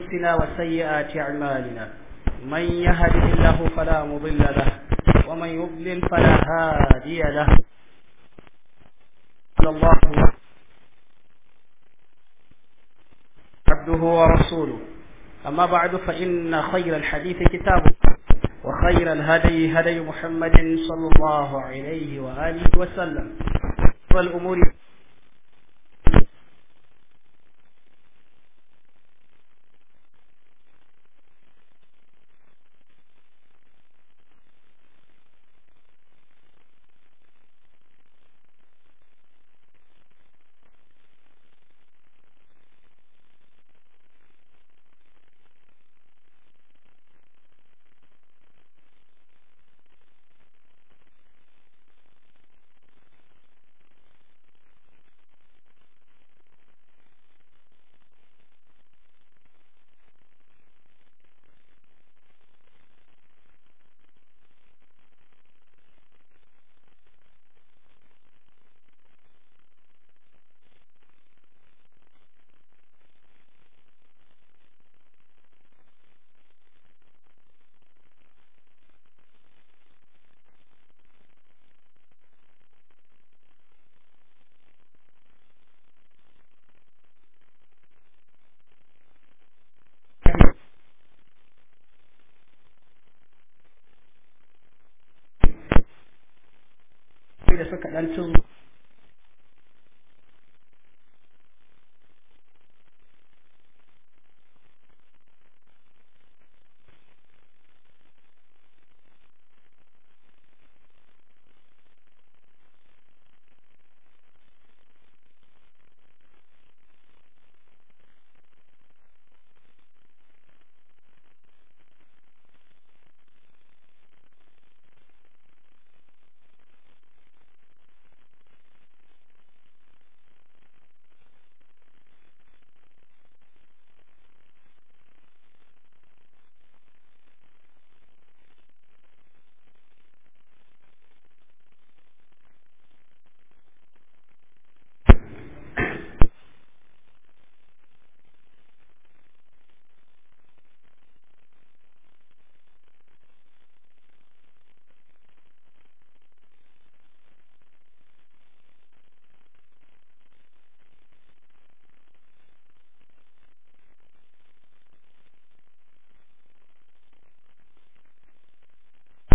أنفسنا وسيئات أعمالنا من يهده الله فلا مضل له ومن يضلل فلا هادي له قال الله عبده ورسوله أما بعد فإن خير الحديث كتاب وخير الهدي هدي محمد صلى الله عليه وآله وسلم والأمور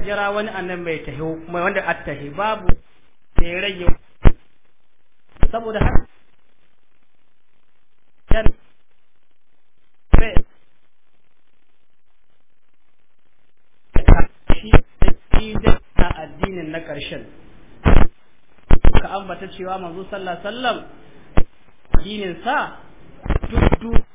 jira wani annan mai tahi mai wanda attahi babu sai rage saboda haka can shi da addinin na ƙarshen ka ambata cewa manzo sallallahu alaihi wasallam dinin sa duk duk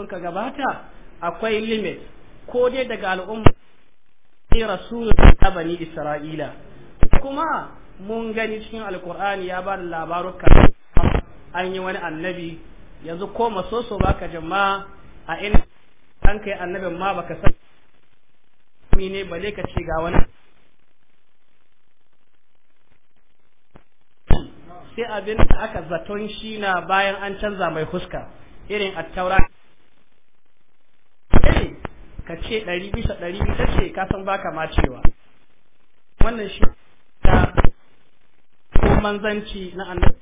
sun ka gabata akwai limit ko dai daga al'umma ne rasulun ta bani isra'ila kuma mun gani cikin alkur'ani ya ba da labaruka an yi wani annabi yanzu ko masoso baka jama'a a ina an kai annabin ma baka san ne ba ka ce ga wani sai abin da aka zaton shi na bayan an canza mai huska irin a attaura ce ɗari bisa ɗari ita ce ka san ba ma cewa wannan shi ta ko manzanci na annabi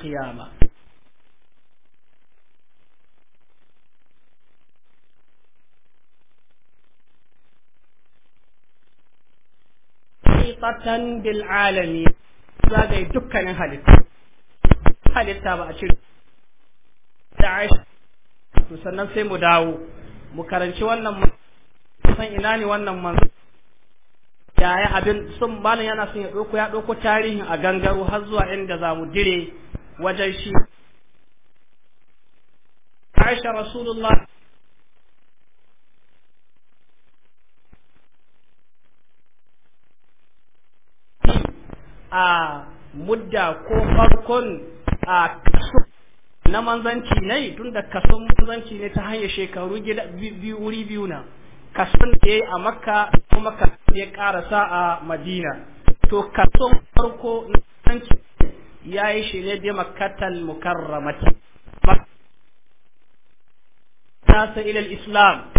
qiyama rahmatan bil alamin zagaye dukkanin halitta halitta ba a cire to sannan sai mu dawo mu karanci wannan san ina ne wannan man yaya abin sun bana yana son ya ɗauko ya ɗauko tarihin a gangaro har zuwa inda za mu dire wajen shi Aisha Rasulullah a mudda ko farkon a kaso na manzanci ne tun da kason manzanci ne ta hanyar shekaru biyu wuri biyu na kason da ya a makka kuma kason ya karasa a madina to kason farko na manzanci ya yi shi ne da makatan mukarramati ta sa ilal islam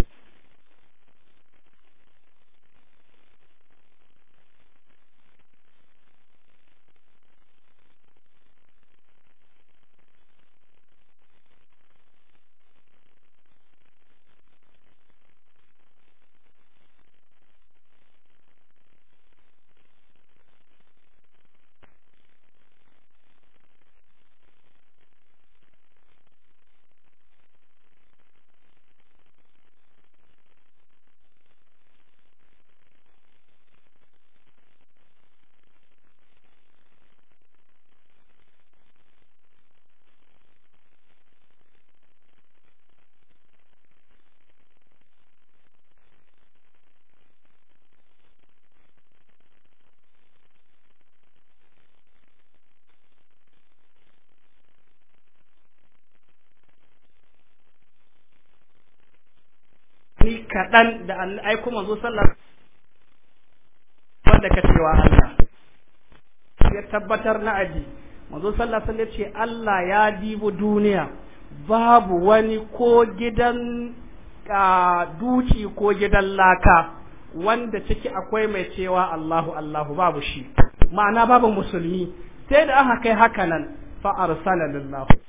kaɗan da aiko manzo sallar wanda ka cewa Allah ya tabbatar na aji manzo sallar sallar ce Allah ya dibo duniya babu wani ko gidan duci ko gidan laka wanda ciki akwai mai cewa Allahu Allahu babu shi ma'ana babu musulmi sai da aka kai haka nan fa lillahi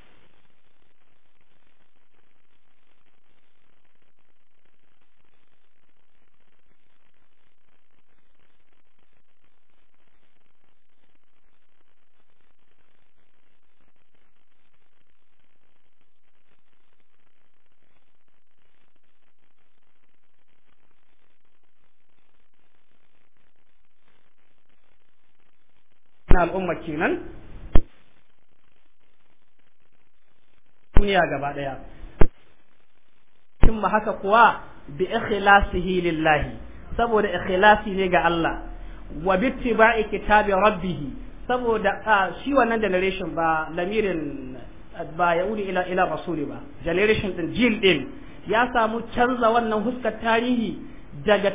al'umma kenan duniya gaba daya cimma haka kuwa bi ikhlasihi lillahi saboda ikhlasi ne ga Allah wa bi tibai kitabi rabbih saboda shi wannan generation ba lamirin ba ya yaudi ila ila rasuli ba generation din jil din ya samu canza wannan huskar tarihi daga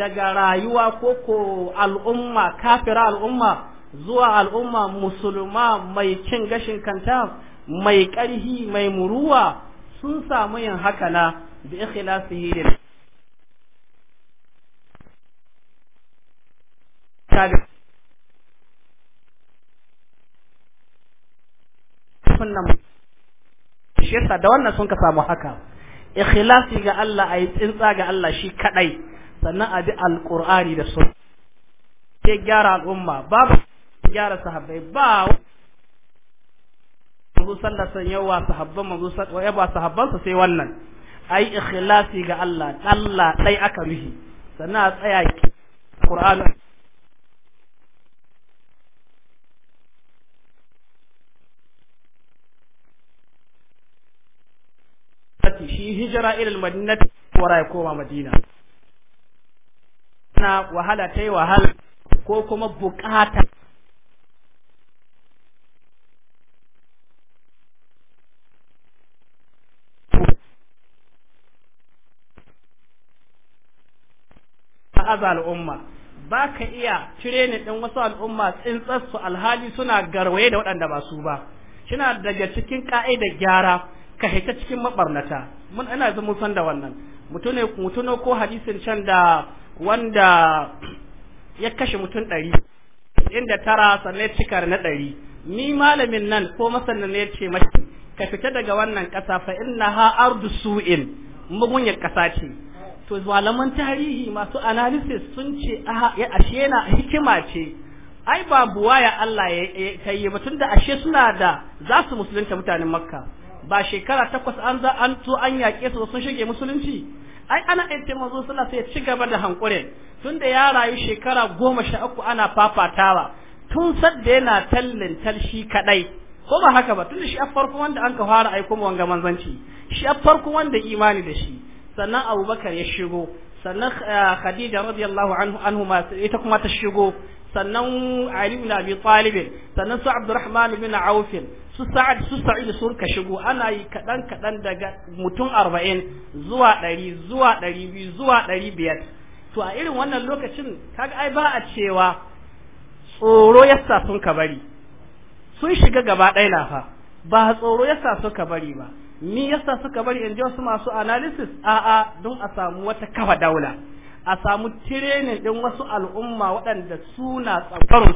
daga rayuwa ko ko al'umma kafira al'umma zuwa al'umma musulma mai cin gashin kanta mai ƙarhi mai muruwa sun samu yin haka na da ikhlasihi da wannan sun ka samu haka ikhlasi ga Allah ayi tsintsa ga Allah shi kadai sannan abi alqur'ani da sunna ke gyara al'umma babu gyara sahabbai ba manzo sallallahu san yawa sahabban manzo sallallahu alaihi yaba sahabban sa sai wannan ai ikhlasi ga Allah Allah dai aka ruhi sannan a tsaya ki. Qur'ani shi hijira ilal madinati wara ya koma madina na wahala tai wahala ko kuma bukata aza al'umma ba ka iya ni ɗin wasu al'umma su alhali suna garwaye da waɗanda ba su ba kina daga cikin ka'idar gyara ka haita cikin mabarnata mun ana zama san da wannan mutune mutuno ko hadisin can da wanda ya kashe mutum ɗari inda tara sannan cikar na ɗari ni malamin nan ko masanin ne ce mashi ka fita daga wannan ƙasa fa inna ha ardu su'in mugunyar ƙasa ce to malaman tarihi masu analysis sun ce a ashe na hikima ce ai babu waya Allah ya yi ba tunda ashe suna da za su musulunta mutanen makka ba shekara takwas an za an to an yaƙe su sun shige musulunci ai ana ente mazo suna sai ci gaba da hankure tunda ya rayu shekara goma sha uku ana fafatawa tun sadda yana tallin talshi kaɗai ko ba haka ba tunda shi a farko wanda an ka fara aiko wanga manzanci shi a farko wanda imani da shi sannan abubakar ya shigo sannan eh, khadija radiyallahu anhu anhu ita kuma ta shigo sannan ali ibn abi talib sannan su abdurrahman ibn auf su sa'ad su sa'id sun ka shigo ana yi kadan kadan daga mutum 40 zuwa 100 zuwa 200 zuwa 500 to a irin wannan lokacin kaga ai ba a cewa tsoro ya sa sun ka bari sun shiga gaba ɗaya na fa ba tsoro ya yasa suka bari ba ni yasa suka bari in ji wasu masu analysis a'a don a samu wata kafa daula a samu training din wasu al'umma waɗanda su na tsakarun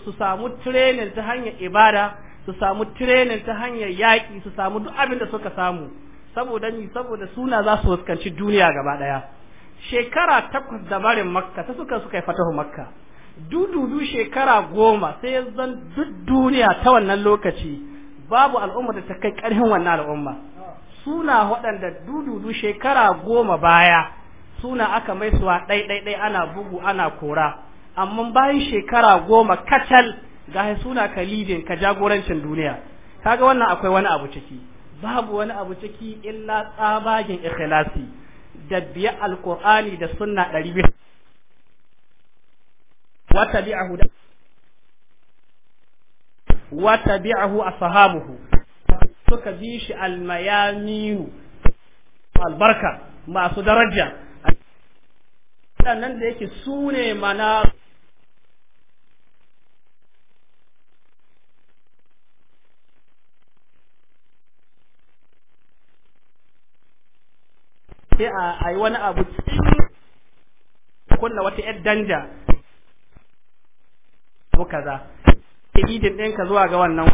su samu training ta hanyar ibada su samu training ta hanyar yaƙi su samu duk abin da suka samu saboda ni saboda suna za su fuskanci duniya gaba ɗaya shekara takwas da barin makka ta suka suka yi fatahu makka dududu shekara goma sai zan duk duniya ta wannan lokaci babu al'umma da ta kai ƙarfin wannan al'umma suna waɗanda dududu shekara goma baya suna aka mai suwa ɗai ana bugu ana kora amma bayan shekara goma kacal ga suna ka ka jagorancin duniya kaga wannan akwai wani abu ciki babu wani abu ciki illa tsabagen ikhlasi da biya alqur'ani da sunna 200 wa tabi'ahu وتبعه أصحابه تكديش الميامين البركة ما درجة لأن عندك سونة منا أي وانا أبو كل وقت الدنجة وكذا idin ɗinka zuwa ga wannan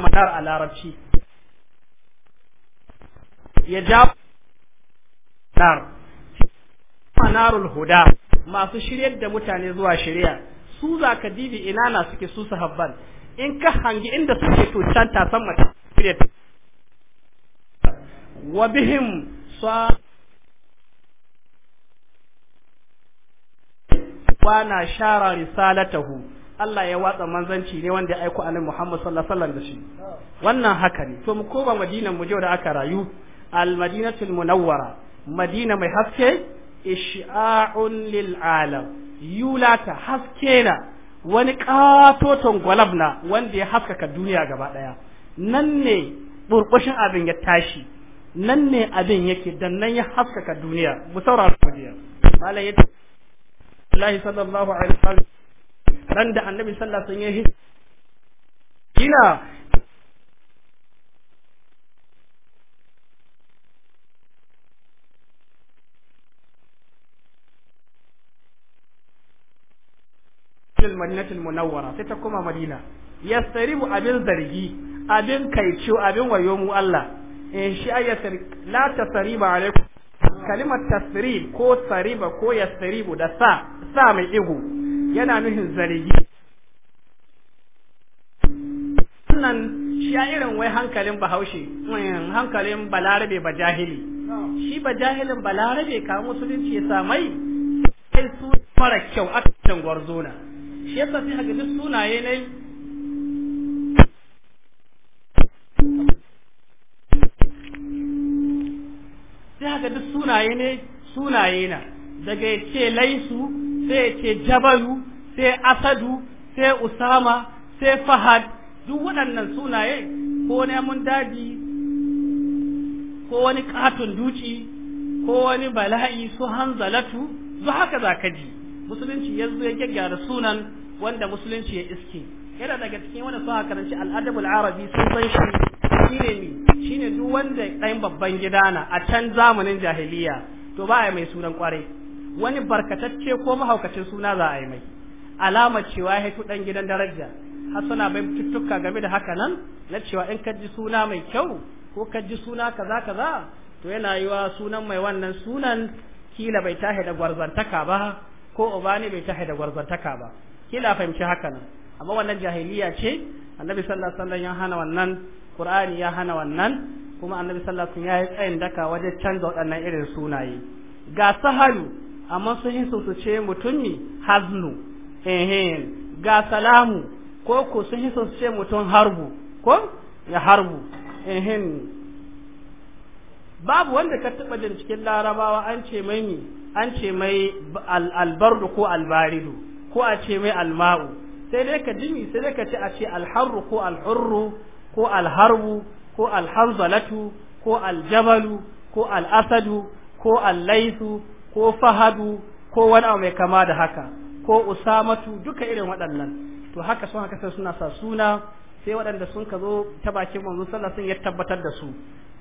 matar a larabci ya ja nar huda masu shiryar da mutane zuwa shirya su za ka dibi ina na suke su su habban in ka hangi inda suke to can ta san mata shirya wa bihim sa na shara risalatahu Allah ya watsa manzanci ne wanda ya aiko annabi Muhammad sallallahu alaihi wasallam da shi wannan haka ne to mu koma madinan mu da aka rayu al madinatul munawwara madina mai haske isha'un lil alam yulata haske na wani katoton gwalabna wanda ya haskaka duniya gaba daya nan ne burbushin abin ya tashi nan ne abin yake dan nan ya haskaka duniya mu saurara ku jiya malai yace Allah sallallahu alaihi wasallam ran da annabi sallallahu alaihi wasallam ya kina fil madinatul munawwara sai ta koma madina ya yastaribu abin zargi abin kaicio abin wayo mu Allah in shi ayyasar la tasriba alaikum kalimar tasrib ko sariba ko yasribu da sa sa mai igu yana nuhin zargi wannan shi ya irin wai hankalin bahaushe mm, hankalin balarabe ba jahili shi ba jahilin balarabe ka musulunci ya samai sai su fara kyau a cikin gwarzona shi yasa sai haka duk sunaye ne sai haka duk sunaye ne sunaye na daga ce laisu sai ce jabaru sai asadu sai usama sai fahad duk waɗannan sunaye ko namun daji ko wani katon duci ko wani bala'i su hanzalatu zu haka za ka ji musulunci ya zo ya gyaggyara sunan wanda musulunci ya iske yana daga cikin wanda sun karanci al'adabul arabi sun san shi shine ni shine duk wanda ɗayan babban gidana a can zamanin jahiliya to ba mai sunan kwarai wani barkatacce ko mahaukacin suna za a yi mai alamar cewa ya haitu dan gidan daraja har suna bai tuttuka game da haka nan na cewa in ka ji suna mai kyau ko ka ji suna kaza kaza to yana yiwa sunan mai wannan sunan kila bai tahe da gwarzantaka ba ko ubani bai tahe da gwarzantaka ba kila fahimci haka nan amma wannan jahiliya ce annabi sallallahu alaihi wasallam ya hana wannan qur'ani ya hana wannan kuma annabi sallallahu alaihi wasallam ya yi tsayin daka wajen canza waɗannan irin sunaye ga sahalu amma sun yi su ce mutumi haznu ga salamu ko ko sun yi su ce mutum harbu ko ya harbu babu wanda ka taba jin cikin larabawa an ce mai ni an ce mai albardu ko albaridu ko a ce mai alma'u sai dai ka jimi sai dai ka ce a ce alharru ko alhurru ko alharbu ko alhanzalatu ko aljabalu ko al'asadu ko allaisu ko fahadu ko wani abu mai kama da haka ko usamatu duka irin waɗannan to haka sun haka sai suna sa suna sai waɗanda sun ka zo ta bakin manzon sallah sun ya tabbatar da su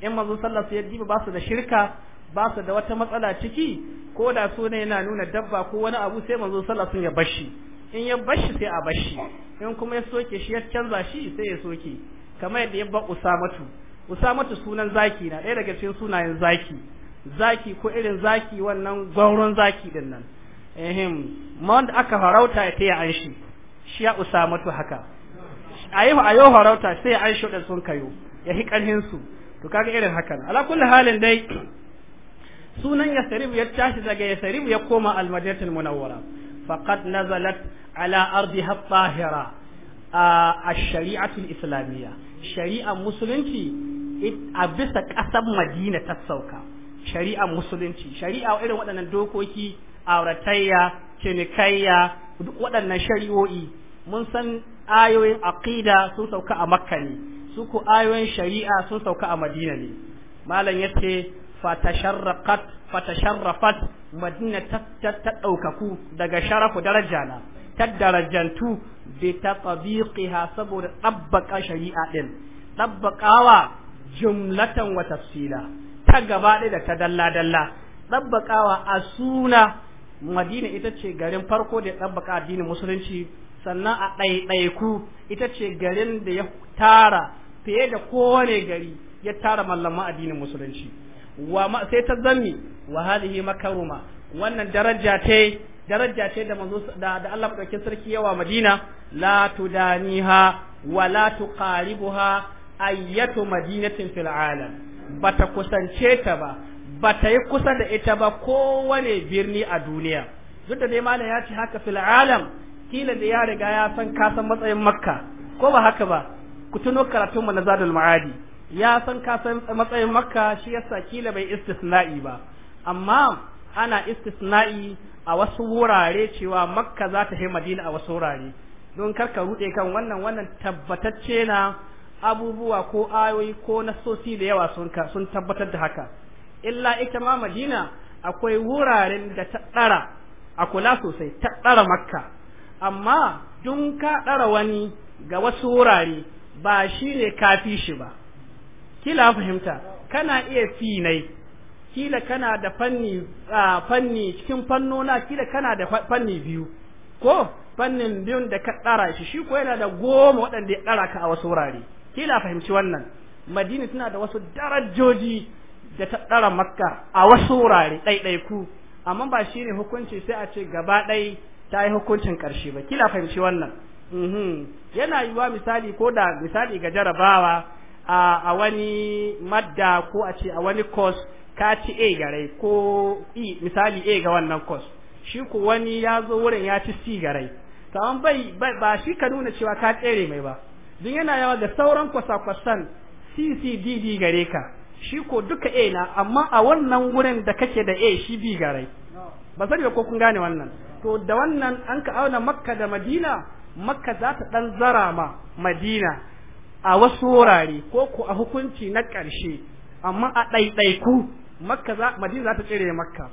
in manzon sallah sai ya diba ba su da shirka ba su da wata matsala ciki ko da suna yana nuna dabba ko wani abu sai manzon sallah sun ya bashi in ya bashi sai a bashi in kuma ya soke shi ya canza shi sai ya soke kamar yadda ya ba usamatu usamatu sunan zaki na ɗaya daga cikin sunayen zaki zaki ko irin zaki wannan gwauron zaki din nan aka farauta ya taya an shi shi ya usamatu haka a yi a yau farauta sai an shi da sun kayo ya hi karhin su to kaga irin hakan ala kulli halin dai sunan yasrib ya tashi daga yasrib ya koma almadinatul munawwara faqad nazalat ala ardiha tahira a shari'atul islamiyya shari'ar musulunci a bisa ƙasar madina ta sauka shari'a musulunci shari'a irin waɗannan dokoki auratayya cinikayya duk waɗannan shari'o'i mun san ayoyin aqida sun sauka a makka ne su ku ayoyin shari'a sun sauka a madina ne malam yace fatasharraqat fatasharrafat madina ta ɗaukaku daga sharafu daraja na ta darajantu bi tatbiqiha saboda tabbaka shari'a din tabbakawa jumlatan wa tafsila ta gaba ɗaya da ta dalla dalla ɗabbakawa a suna madina ita ce garin farko da ya ɗabbaka addinin musulunci sannan a ɗaiɗaiku ita ce garin da ya tara fiye da kowane gari ya tara mallama addinin musulunci wa sai ta zammi wa hadhihi makaruma wannan daraja ce daraja ce da da, Allah madaukakin sarki yawa Madina la tudaniha wa la tuqaribuha ayyatu madinatin fil alam bata kusance ta ba ta yi kusa da ita ba kowane birni a duniya duk da dai malam ya ce haka fil alam kila da ya riga ya san kasan matsayin makka ko ba haka ba ku tuno karatun mu na zadul ma'adi ya san kasan matsayin makka shi yasa kila bai istisna'i ba amma ana istisna'i a wasu wurare cewa makka za ta yi madina a wasu wurare don karka ruɗe kan wannan wannan tabbatacce na abubuwa ko ayoyi ko nasosi da yawa sun ka tabbatar da haka illa ita ma madina akwai wuraren da ta ɗara a kula sosai ta ɗara makka amma dun ka ɗara wani ga wasu wurare ba shi ne kafi shi ba kila fahimta kana iya finai kila kana da fanni fanni cikin fannona kila kana da fanni biyu ko fannin biyun da ka ɗara shi shi ko yana da goma waɗanda ya ɗara ka a wasu wurare kila fahimci wannan madina tana da wasu darajoji da ta tsara makka a wasu wurare ɗaiɗaiku amma ba shi ne hukunci sai a ce gaba ɗai ta yi hukuncin ƙarshe ba kila fahimci wannan mhm. yana yiwuwa misali ko da misali ga jarabawa a wani madda ko a ce a wani course ka ci A garai ko E misali A ga wannan course shi ko wani ya zo wurin ya ci C garai to an bai ba shi ka nuna cewa ka tsere mai ba don yana yawa da sauran kwasa-kwasan ccdd gare ka shi ko duka a na amma a wannan wurin da kake da a shi b gare ba sani ba ko kun gane wannan to da wannan an ka auna makka da madina makka za ta dan zara ma madina a wasu wurare ko ko a hukunci na ƙarshe amma a ɗaiɗaiku makka za madina za ta tsere makka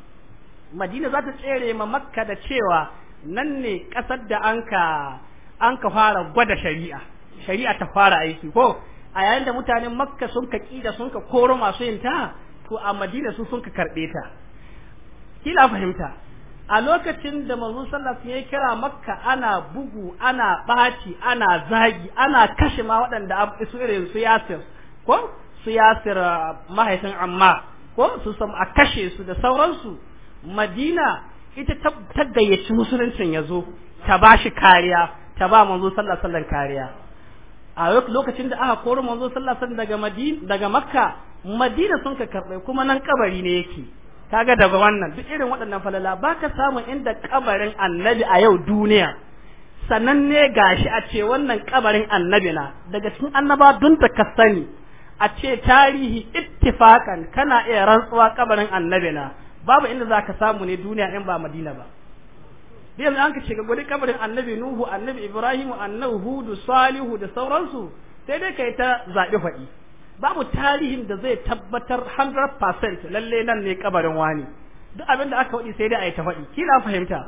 madina za ta tsere ma makka da cewa nan ne ƙasar da an ka an ka fara gwada shari'a shari'a ta fara aiki ko a yayin da mutanen makka sun ka kida sun ka koro masu yin ta to a madina su sun ka karbe ta kila fahimta a lokacin da manzon sallallahu ya kira makka ana bugu ana baci ana zagi ana kashe ma waɗanda su irin su yasir ko su yasir uh, mahaifin amma ko su sam a kashe su da sauransu madina ita ta gayyaci musuluncin ya zo ta bashi kariya ta ba manzo sallallahu alaihi wasallam kariya a lokacin da aka koro manzo sallallahu alaihi daga madin daga makka madina sun ka karbe kuma nan kabari ne yake kaga daga wannan duk irin waɗannan falala baka samu inda kabarin annabi a yau duniya sananne ne gashi a ce wannan kabarin annabi na daga cikin annaba dun ta ka sani a ce tarihi ittifakan kana iya rantsuwa kabarin annabi na babu inda zaka samu ne duniya in ba madina ba da yanzu an ka shiga gwada kabarin annabi nuhu annabi ibrahimu annabi hudu salihu da sauransu sai dai ka yi ta zaɓi faɗi babu tarihin da zai tabbatar 100% lalle nan ne kabarin wani duk abin da aka faɗi sai dai a yi ta faɗi kila fahimta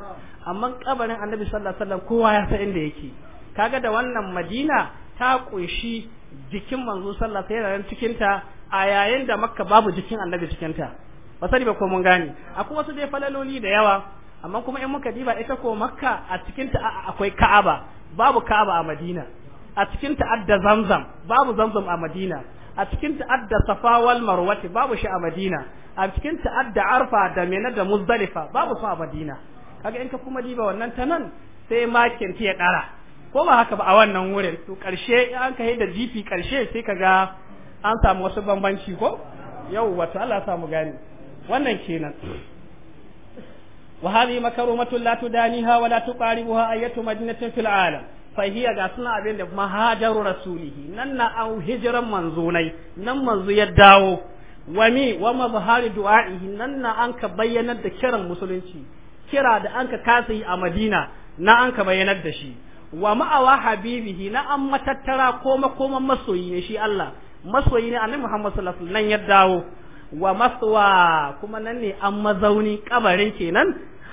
amma kabarin annabi sallallahu kowa ya san inda yake kaga da wannan madina ta kunshi jikin manzo sallallahu alaihi wasallam cikin ta a yayin da makka babu jikin annabi cikin ta ba sani ba ko mun gane akwai wasu dai falaloli da yawa amma kuma in muka diba ita ko makka a cikin ta akwai ka'aba babu ka'aba a madina a cikin adda zamzam babu zamzam a madina a cikin ta adda safa wal marwati babu shi a madina a cikin ta adda arfa da mena da muzdalifa babu su a madina kaga in ka kuma diba wannan ta nan sai makin ya dara ko ba haka ba a wannan wurin to karshe an ka da jifi karshe sai kaga an samu wasu bambanci ko yau wato Allah ya samu gani wannan kenan وهذه مكرمة لا تدانيها ولا تقاربها أية مدينة في العالم فهي قاسنا أبين مهاجر رسوله نن أو هجر منزوني نن منزو يداو ومي ومظهر دعائه نن أنك بينا دكرا مسلنشي كرا دا أنك كاسي أمدينة نا أنك بينا دشي ومأوى حبيبه نا أم تترى كوما كوما مسويني شي الله مسويني أن محمد صلى الله عليه وسلم نن يداو wa maswa kuma nan ne an mazauni kabarin kenan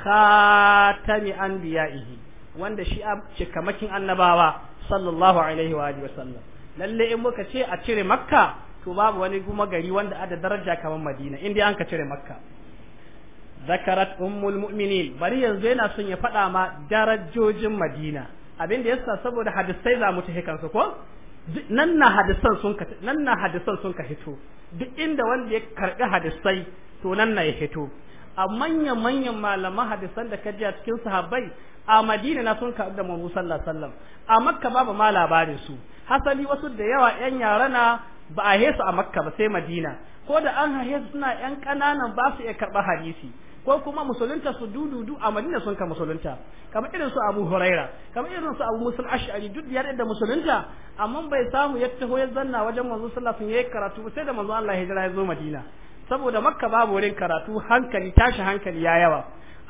khatami anbiya'ihi wanda shi a cikamakin annabawa sallallahu alaihi wa alihi wasallam lalle in muka ce a cire makka to babu wani kuma gari wanda ada daraja kamar madina inda an ka cire makka zakarat ummul mu'minin bari yanzu yana son ya faɗa ma darajojin madina abin da yasa saboda hadisai za mu tafi hikansu ko nan na hadisan sun ka nan na hadisan sun ka hito duk inda wanda ya karbi hadisai to nan na ya hito a manyan manyan malaman hadisan da kaji a cikin sahabbai a Madina na sun kaɗu da Muhammadu sallallahu alaihi a Makka babu ma labarin su hasali wasu da yawa yan yara na ba a hesu a Makka ba sai Madina ko da an hahe su suna yan ƙananan ba su iya karɓar hadisi ko kuma musulunta su dududu a Madina sun ka musulunta kamar irin su Abu Huraira kamar irin su Abu Musul Ash'ari duk ya da musulunta amma bai samu ya taho ya zanna wajen manzo sallallahu alaihi wasallam yayi karatu sai da manzo Allah hijira ya zo Madina saboda makka babu wurin karatu hankali tashi hankali ya yawa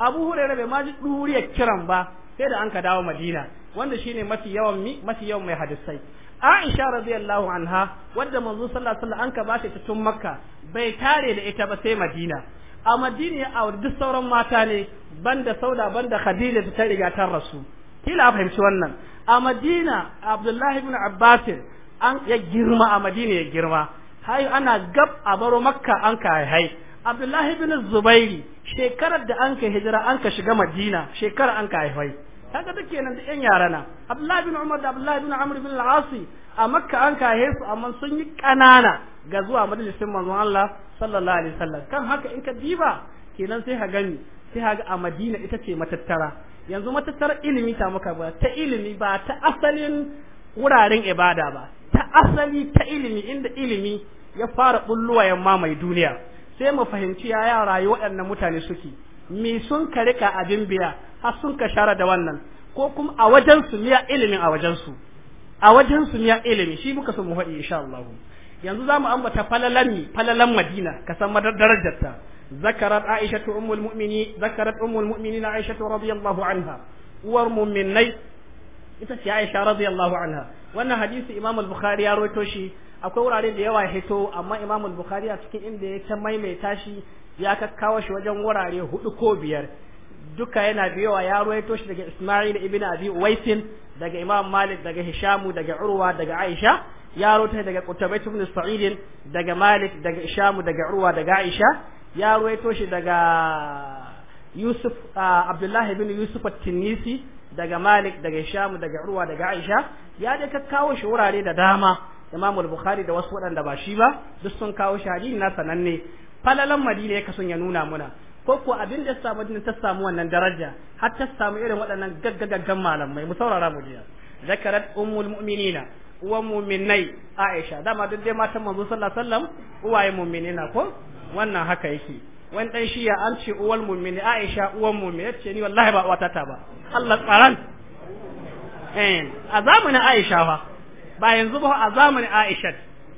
abu hurairah bai ma ji duriyar kiran ba sai da an ka dawo madina wanda shine mafi yawan mi mafi yawan mai hadisai aisha radiyallahu anha wanda manzo sallallahu alaihi wasallam an ka shi ta tun makka bai tare da ita ba sai madina a madina a duk sauran mata ne banda sauda banda khadija ta riga ta rasu kila fahimci wannan a madina abdullahi ibn abbas an ya girma a madina ya girma hayu ana gab a baro makka an ka hai abdullahi bin zubairi shekarar da an ka hijira an ka shiga madina shekarar an ka haifai kaga take kenan da yan yara na abdullahi bin umar da abdullahi bin amr bin al-as a makka an ka haife su amma sun yi kanana ga zuwa majalisin manzon Allah sallallahu alaihi wasallam kan haka in ka diba kenan sai ka gani sai ka ga a madina ita ce matattara yanzu matattara ilimi ta maka ba ta ilimi ba ta asalin wuraren ibada ba ta asali ta ilimi inda ilimi ya fara bulluwa yamma mai duniya sai mu fahimci ya yara rayu waɗannan mutane suke me sun ka rika abin biya har sun ka share da wannan ko kuma a wajen su miya ilimin a wajen su a wajen su miya ilimi shi muka so mu faɗi insha Allah yanzu za mu ambata falalan falalan Madina ka san darajar ta zakarat Aisha ummul mu'minin zakarat ummul mu'minin Aisha radiyallahu anha uwar mu'minai ita ce Aisha radiyallahu anha wannan hadisi Imam al-Bukhari ya rawaito shi akwai wurare da yawa ya hito amma Imam al-Bukhari a cikin inda ya ta maimaita shi ya kakkawo shi wajen wurare hudu ko biyar duka yana biyowa ya rawaito shi daga Isma'il ibn Abi Waisin daga Imam Malik daga Hisham daga Urwa daga Aisha ya roto daga Qutbah ibn Sa'id daga Malik daga Hisham daga Urwa daga Aisha ya rawaito shi daga Yusuf ah, Abdullahi ibn Yusuf at-Tinisi daga Malik daga Shamu daga Urwa daga Aisha ya je ka kawo shi wurare da dama Imam al-Bukhari da wasu waɗanda ba shi ba duk sun kawo shi hadisi na sananne falalan Madina ya kasun ya nuna muna ko ko abin da sa Madina ta samu wannan daraja har ta samu irin waɗannan gaggagaggan malamai mu saurara mu jiya zakarat ummul mu'minina uwan mu'minai Aisha dama duk dai matan manzo sallallahu alaihi wasallam uwaye mu'minina ko wannan haka yake wani ɗan shi ya an uwar uwal mu'mini Aisha uwan mu'mini ce ni wallahi ba uwata ta ba Allah tsaran eh, a zamanin Aisha ba, ba yanzu ba a zamanin Aisha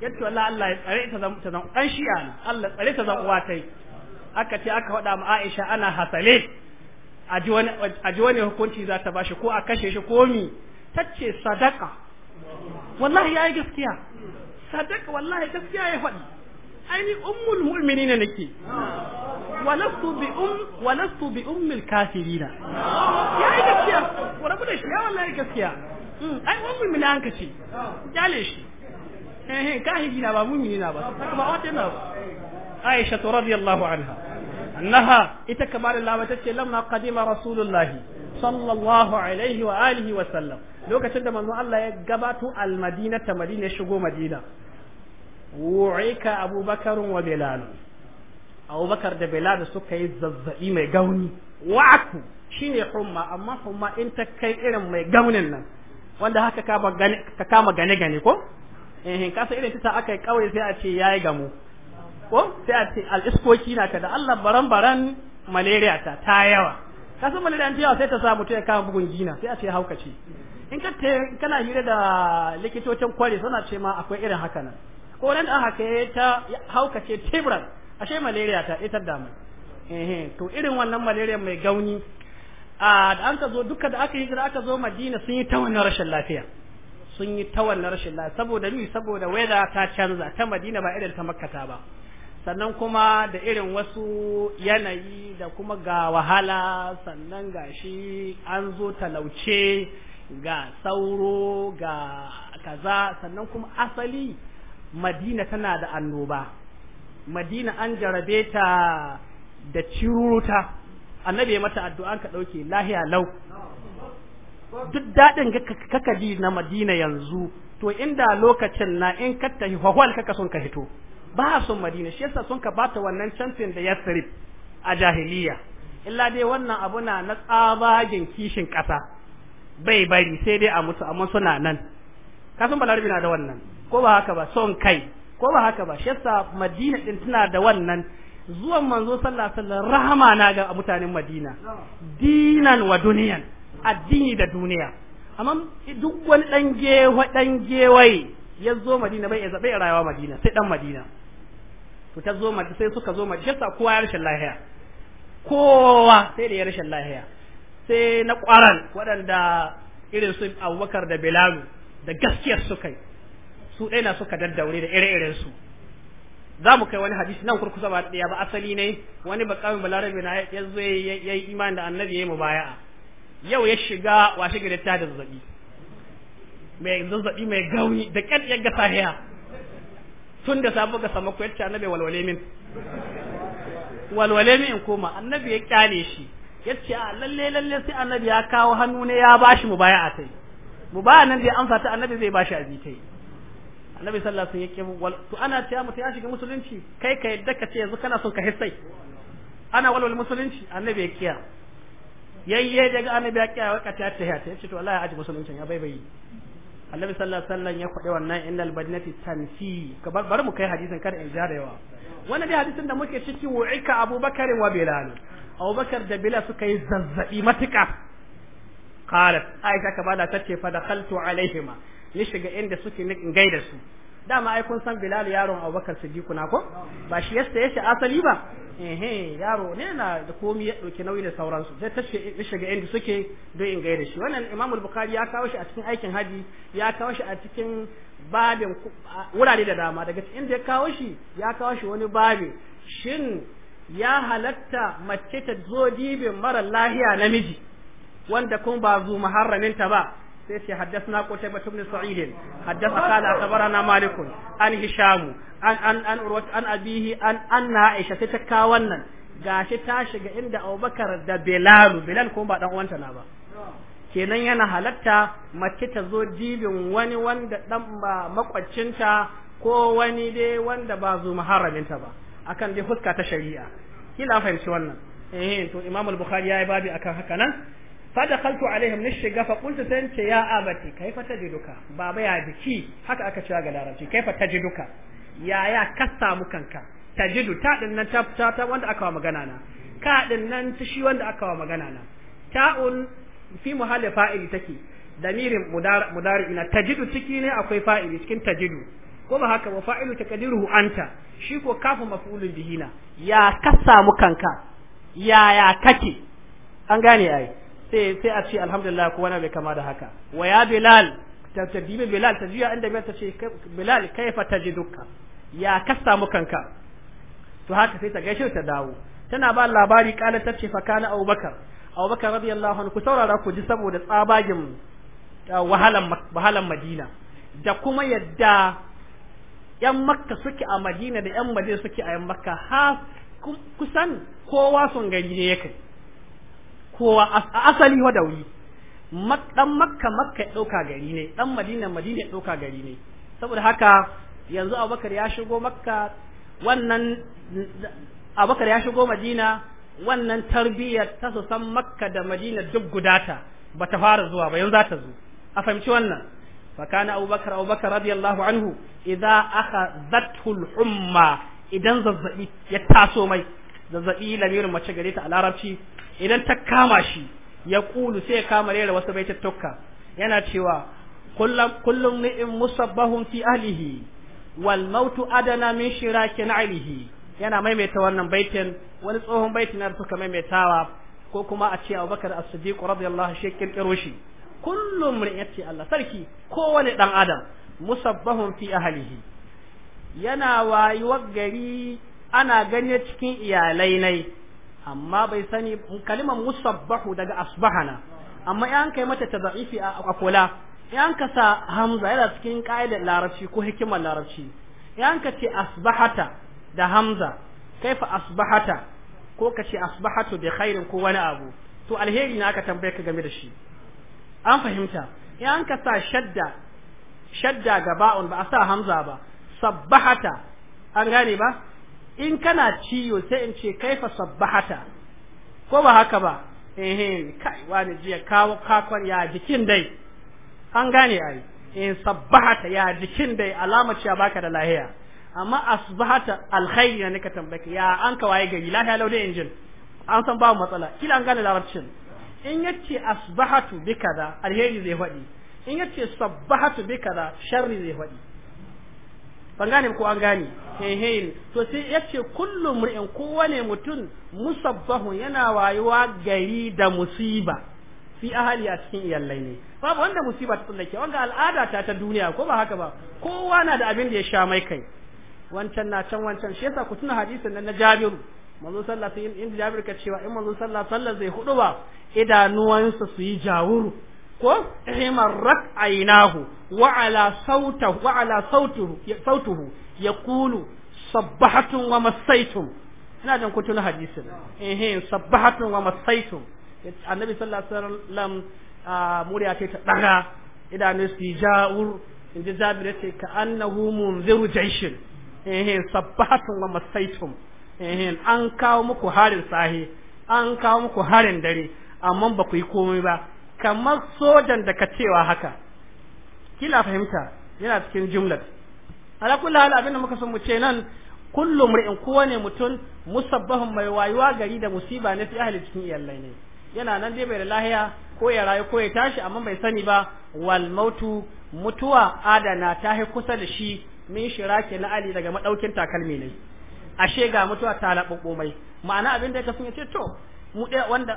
yace wallahi Allah ya tsare ta zan ta zan dan shi ya Allah tsare ta zan uwa ta yi. aka ce aka faɗa ma Aisha ana hasale a ji wani a wani hukunci za ta bashi ko a kashe shi ko mi ce sadaka wallahi yi gaskiya sadaka wallahi gaskiya ya faɗi aini ummul mu'minina nake walastu bi um walastu bi ummil kafirina yayi gaskiya wa rabu da shi ya wallahi gaskiya hmm, ai ummul mu'minina an kace kyale shi eh eh kafirina ba mu'minina ba saka ba wata na Aisha radiyallahu anha annaha ita kamar Allah tace lamma qadima rasulullahi sallallahu alaihi wa alihi wa sallam lokacin da manzo Allah ya gabato al-Madina ta Madina ya shigo Madina wu'ika Abubakar wa bilal abubakar da bilal suka yi zazzabi mai gauni wa'aku shine humma amma humma in ta kai irin mai gaunin nan wanda haka ka kama gane gane ko eh kasa irin ta aka yi kawai sai a ce yayi gamu ko sai a ce al'iskoki na ka da Allah baran baran malaria ta ta yawa kasan malaria ta yawa sai ta sa mutum ya kama bugun gina sai a ce haukace in ka kana hira da likitocin kwari suna ce ma akwai irin haka nan ko nan an haka ta haukace tibran ashe malaria ta ita da mu eh to irin wannan malaria mai gauni a da an ka zo duka da aka yi jira aka zo Madina sun yi ta wannan rashin lafiya sun yi ta wannan rashin lafiya saboda ni saboda weather ta canza ta Madina ba irin ta Makka ba sannan kuma da irin wasu yanayi da kuma ga wahala sannan ga shi an zo talauce ga sauro ga kaza sannan kuma asali madina tana da annoba madina an jarabe ta da ciruta annabi ya mata addu'a ka dauke lahiya lau duk dadin kakaji na madina yanzu to inda lokacin na in ka tafi hawal kaka son ka hito ba son madina shi yasa sun ka bata wannan cancin da yasrib a jahiliya illa dai wannan abu na na tsabagen kishin kasa bai bari sai dai a mutu amma suna nan kasan balarabi na da wannan ko ba haka ba son kai ko ba haka ba shi yasa Madina din tana da wannan zuwan manzo sallallahu alaihi wasallam rahama na ga mutanen Madina dinan wa duniyan addini da duniya amma duk wani dan gewa dan gewai ya zo Madina bai zabe rayuwa Madina sai dan Madina to ta zo Madina sai suka zo Madina yasa kowa ya rashin lahiya kowa sai da ya rashin lahiya sai na kwaran waɗanda irin su Abubakar da Bilal da gaskiyar su kai su ɗaya na suka daddaure da ire-iren su za mu kai wani hadisi nan kurkusa ba ɗaya ba asali ne wani bakamin balarabe na ya zo ya yi imani da annabi ya yi mubaya'a yau ya shiga washe gari ta zazzabi mai zazzabi mai gauni da ƙyar ya ga sahiya tun da sabu ga sama kuyarci annabi walwale min walwale min in koma annabi ya kyale shi ya ce a lalle lalle sai annabi ya kawo hannu ne ya bashi mubaya'a Mu ba nan da ya amsa ta annabi zai bashi azitai annabi sallallahu alaihi wasallam yake to ana cewa mutum ya shiga musulunci kai ka yadda ka ce yanzu kana son ka hissai ana walwal musulunci annabi ya kiya yayye daga annabi ya kiya wa kata ta hata yace to wallahi ya aji musulunci ya bai bai annabi sallallahu alaihi wasallam ya faɗi wannan innal badnati tanfi bari mu kai hadisin kar in jarewa wannan dai hadisin da muke cikin wu'ika abubakar wa bilal abubakar da bilal suka yi zazzabi matuka qalat aisha kabala tace fa dakhaltu alaihima ni shiga inda suke ni in gaida su dama ai kun san Bilal yaron Abubakar Siddiq na ko ba shi yasta yace asali ba eh yaro ne na da komai ya dauki nauyi da sauransu sai ni shiga inda suke don in gaida shi wannan Imam Bukhari ya kawo shi a cikin aikin haji ya kawo shi a cikin babin wurare da dama daga cikin da ya kawo shi ya kawo shi wani babi shin ya halatta mace ta zo dibin mara lahiya namiji wanda kuma ba zu ta ba sai ce haddasna qutayba ibn sa'id haddasa qala akhbarana malik an an an an urwat an abihi an anna aisha ta kawo wannan gashi ta shiga inda abubakar da bilal bilal kuma ba dan uwanta na ba kenan yana halatta mace ta zo dibin wani wanda dan ba makwacinta ko wani dai wanda ba zo maharaminta ba akan dai huska ta shari'a kila fahimci wannan eh to imam al-bukhari yayi babi akan haka nan fadakhaltu alaihim ni shiga fa qultu sai ce ya abati kaifa tajiduka baba ya biki haka aka cewa ga larabci kaifa tajiduka ya ya ka samu kanka tajidu ta din nan ta ta wanda aka wa magana na ka din nan ta shi wanda aka wa magana na ta'un fi muhalli fa'ili take damirin mudari ina tajidu ciki ne akwai fa'ili cikin tajidu ko ba haka ba fa'ilu taqdiruhu anta shi ko kafu maf'ulun bihina ya ka samu kanka ya ya kake an gane ai sai sai a ce alhamdulillah ko wani mai kama da haka wa ya bilal ta tabibi bilal ta juya inda bilal ta ce bilal kai kaifa tajiduka ya kasta mu kanka to haka sai ta gaishe ta dawo tana ba labari kala ta ce fa kana abubakar abubakar radiyallahu anhu ku saurara ku ji saboda tsabagin wahalan wahalan madina da kuma yadda yan makka suke a madina da yan madina suke a yan makka ha kusan kowa sun gari ne yake kowa a asali wadawi dan makka makka ya ɗauka gari ne dan madina madina ya ɗauka gari ne saboda haka yanzu abubakar ya shigo makka wannan abubakar ya shigo madina wannan tarbiyyar ta su san makka da madina duk gudata ba ta fara zuwa ba yanzu za ta zo a fahimci wannan fakana abubakar abubakar radiyallahu anhu idza akhadhathu al-humma idan zazzabi ya taso mai zazzabi lamirin mace gare ta a larabci idan ta kama shi ya kulu sai ya kama rera wasu bai tattuka yana cewa kullum ni'in musabbahun fi ahlihi wal mautu adana min shiraki alihi yana maimaita wannan baitin wani tsohon baitin da suka maimaitawa ko kuma a ce Abubakar As-Siddiq radiyallahu shi kirkiro shi kullum yace Allah sarki ko wani dan adam musabbahun fi ahlihi yana wayuwar gari ana ganye cikin iyalai nai amma bai sani kalimar musabbahu daga asbahana amma 'ya'n kai mata tad'ifi a kula in ka sa hamza yana cikin da larabci ko hikimar larabci 'ya'n ka ce asbahata da hamza kaifa asbahata ko ka ce asbahatu bi khairin ko wani abu to alheri na aka tambaye ka game da shi an fahimta 'ya'n ka sa shadda shadda gaba'un ba a sa hamza ba sabbahata an gane ba in kana ciyo sai in ce kaifa sabbahata ko ba haka ba eh kai wani jiya kawo kakon ya jikin dai an gane ai in eh, sabbahata ya jikin dai alama ce baka da lahiya amma asbahata alkhairi ne ka tambaki ya an ka waye gari lahiya laudai injin an san babu matsala kila an gane larabcin in yace asbahatu bi alheri zai faɗi in yace sabbahatu bi sharri zai faɗi ban gane ko an gane hehen to sai yace kullum mur'in kowane mutum musabbahu yana wayuwa gari da musiba fi ahali a cikin iyallai ne babu wanda musiba ta tsallake wanga al'ada ta ta duniya ko ba haka ba kowa na da abin da ya sha mai kai wancan na can wancan shi yasa ku tuna hadisin nan na Jabiru manzo sallallahu alaihi in Jabiru ka cewa in manzo sallallahu alaihi zai hudu ba idanuwansa su yi jawuru ko rak ainahu wa ala sautahu wa ala sautuhu sautuhu yaqulu sabbahatun wa masaitum ina jan kutun hadisin eh sabbahatun wa masaitum annabi sallallahu alaihi wasallam muriya ce ta daga idanu su ja'ur in ji jabir ce ka annahu munziru jaishin eh sabbahatun wa masaitum eh an kawo muku harin sahi an kawo muku harin dare amma ba ku yi komai ba kamar sojan da ka cewa haka kila fahimta yana cikin jumlat ala kullu hal abinda muka san mu ce nan kullu mri'in kowane mutum musabbahun mai wayuwa gari da musiba ne fi ahli cikin iyalai ne yana nan dai bai da lahiya ko ya rayu ko ya tashi amma bai sani ba wal mautu mutuwa adana ta hai kusa da shi min shirake na ali daga maɗaukin takalmi ne ashe ga mutuwa ta laɓuɓɓo mai ma'ana abin da ya ce to mu ɗaya wanda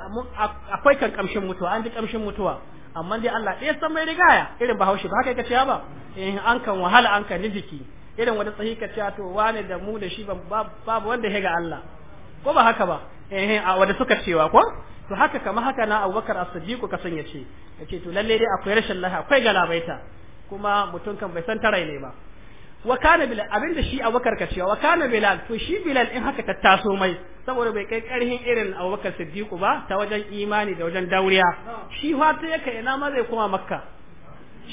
akwai kan kamshin mutuwa an ji kamshin mutuwa amma dai Allah ɗaya san mai rigaya irin bahaushe ba haka cewa ba eh an kan wahala an kan jiki irin wanda ka cewa to wane da mu da shi ba babu wanda ya ga Allah ko ba haka ba eh a wanda suka cewa ko to haka kama haka na Abubakar As-Siddiq ka san yace yace to lalle dai akwai rashin lafiya akwai galabaita kuma mutum kan bai san tarai ne ba wa kana bilal abin da shi abubakar ka cewa wa kana bilal to shi bilal in haka ta taso mai saboda bai kai karhin irin abubakar siddiqu ba ta wajen imani da wajen dauriya shi fata ya kai na ma zai kuma makka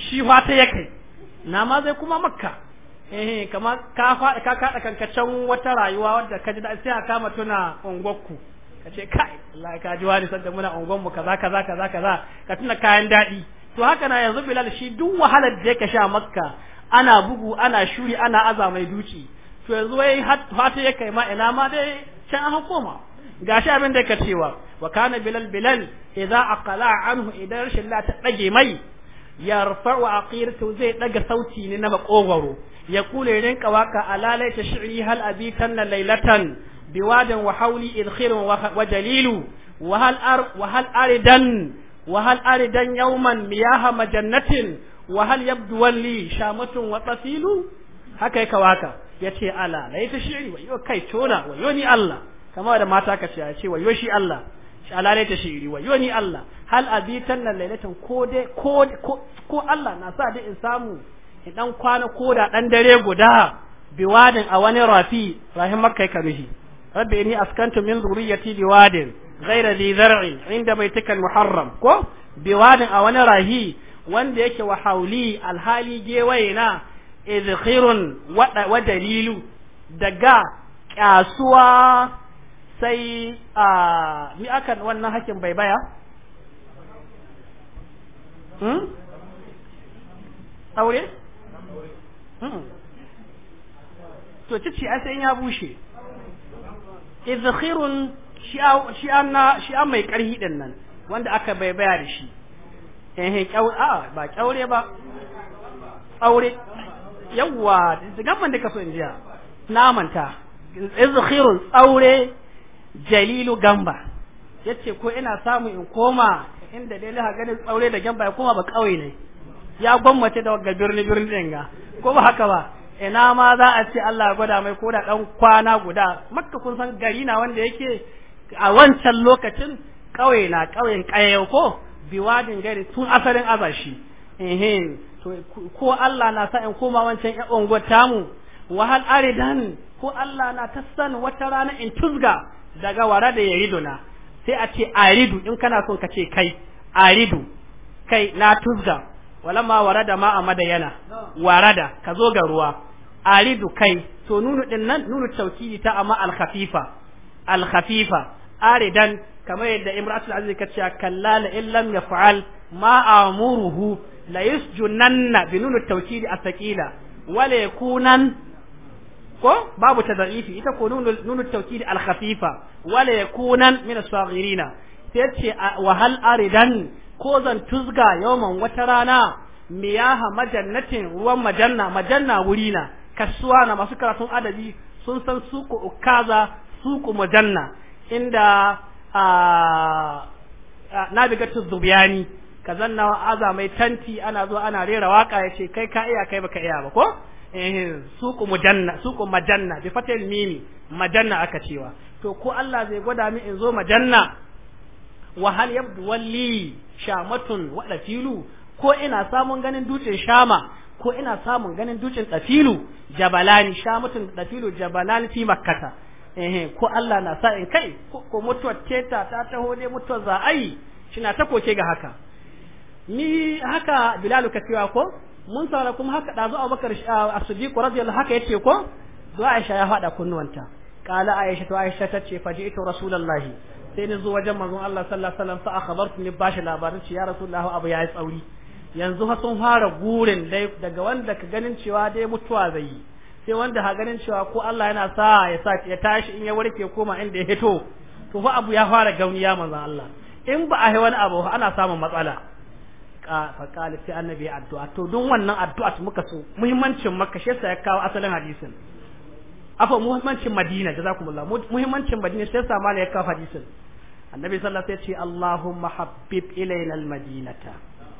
shi fata ya kai na ma zai kuma makka eh kama ka faɗa ka kaɗa kanka can wata rayuwa wadda ka ji da sai a kama tuna ungwakku ka ce kai Allah ka ji wani sanda muna ungon mu kaza kaza kaza kaza ka tuna kayan daɗi to haka na yanzu bilal shi duk wahalar da yake sha makka ana bugu ana shuri ana aza mai duci to yanzu wai hata ya kai ma ina ma dai can an koma gashi abin da ka cewa wa kana bilal bilal idza aqala anhu idan rashin la ta dage mai yarfa'u aqiratu zai daga sauti ne na makogwaro ya kule rinka waka alalai ta shiri hal abitan na lailatan biwadan wa hauli idkhirun wa jalilu wa hal ar wa hal aridan wa hal aridan yawman miyaha majannatin wa hal yabdu walli shamatun wa tasilu haka yake waka yace ala la ta shiri wayo kai tona wayo ni Allah kama da mata ka ce yace wayo shi Allah ala la ta shiri wayo ni Allah hal abitan nan lailatan ko ko ko Allah na sa da in samu in dan kwana ko da dan dare guda biwadin a wani rafi rahimar kai ka ruhi rabbi inni askantu min zurriyyati biwadin غير ذي زرع عند بيتك ko biwadin a wani rahi. wanda yake wa hauli alhali na izkhirun wa dalilu daga kyasuwa sai a mi akan wannan hakin bai baya hmm aure hmm to cici a sai ya bushe izkhirun shi an mai karhi din nan wanda aka bai baya da shi eh kyaure a ah, ba kyaure ba aure yawwa gamman da ka so in jiya na manta izkhirul aure jalilu gamba yace ko ina samu in koma inda dai na ganin tsaure da gamba kuma koma ba kawai ne ya gwammace da wagga birni birni din ga ko ba haka ba ina ma za a ce Allah ya gwada mai ko da dan kwana guda makka kun san gari na wanda yake a wancan lokacin kawai na kauyen yau ko biwadin gari tun asalin azashi ehin to ko Allah na sa in koma wancan ƴan unguwar tamu wa hal aridan ko Allah na tassan wata rana in tuzga daga wara da yariduna sai a ce aridu in kana son ka ce kai aridu kai na tuzga walamma warada ma amada yana. warada ka zo ga ruwa aridu kai to nunu din nan nunu tawkidi ta amma al khafifa al khafifa aridan kamar yadda imratul aziz ka ce kalla la illam yaf'al ma amuruhu la yusjunanna bi nunu tawkid asqila wala yakunan ko babu tadrifi ita ko nunu nunu tawkid al khafifa wala yakunan min as sai ce wa hal aridan ko zan tuzga yawman wata rana miyaha majannatin ruwan majanna majanna wurina kasuwa na masu karatun adabi sun san suku ukaza suku majanna inda a nabigatu zubiyani ka zanna aza mai tanti ana zuwa ana rera waka ya ce kai ka iya kai baka iya ba ko eh, suku mujanna majanna bi fatil mimi majanna aka cewa to ko Allah zai gwada min in zo majanna wa hal yabdu walli shamatun wa dafilu ko ina samun ganin dutsen shama ko ina samun ganin dutsen dafilu jabalani shamatun dafilu jabalani fi makkata eh ko Allah na sa in kai ko mutuwar teta ta taho ne mutuwar za shi na ta koke ga haka ni haka bilalu ka cewa ko mun saura kuma haka dazu Abubakar ah, As-Siddiq radiyallahu haka ya ce ko zuwa Aisha ya faɗa kunnuwanta kala Aisha to Aisha ta ce faji'tu Rasulullahi sai ni zuwa wajen manzon Allah sallallahu alaihi wasallam fa akhbartu ni bashi labarin ci ya Rasulullah abu yayi tsauri yanzu fa sun fara gurin dai daga wanda ka ganin cewa dai mutuwa zai yi sai wanda ha ganin cewa ko Allah yana sa ya sa ya tashi in ya warke koma inda ya hito to fa abu ya fara gauni ya manzon Allah in ba a yi wani abu ana samun matsala fa qala sai annabi addu'a to don wannan addu'a muka so muhimmancin makka shi ya kawo asalin hadisin afa muhimmancin madina jazakumullah muhimmancin madina shi sa mala ya kawo hadisin annabi sallallahu alaihi wasallam ya ce allahumma habbib ilayna almadinata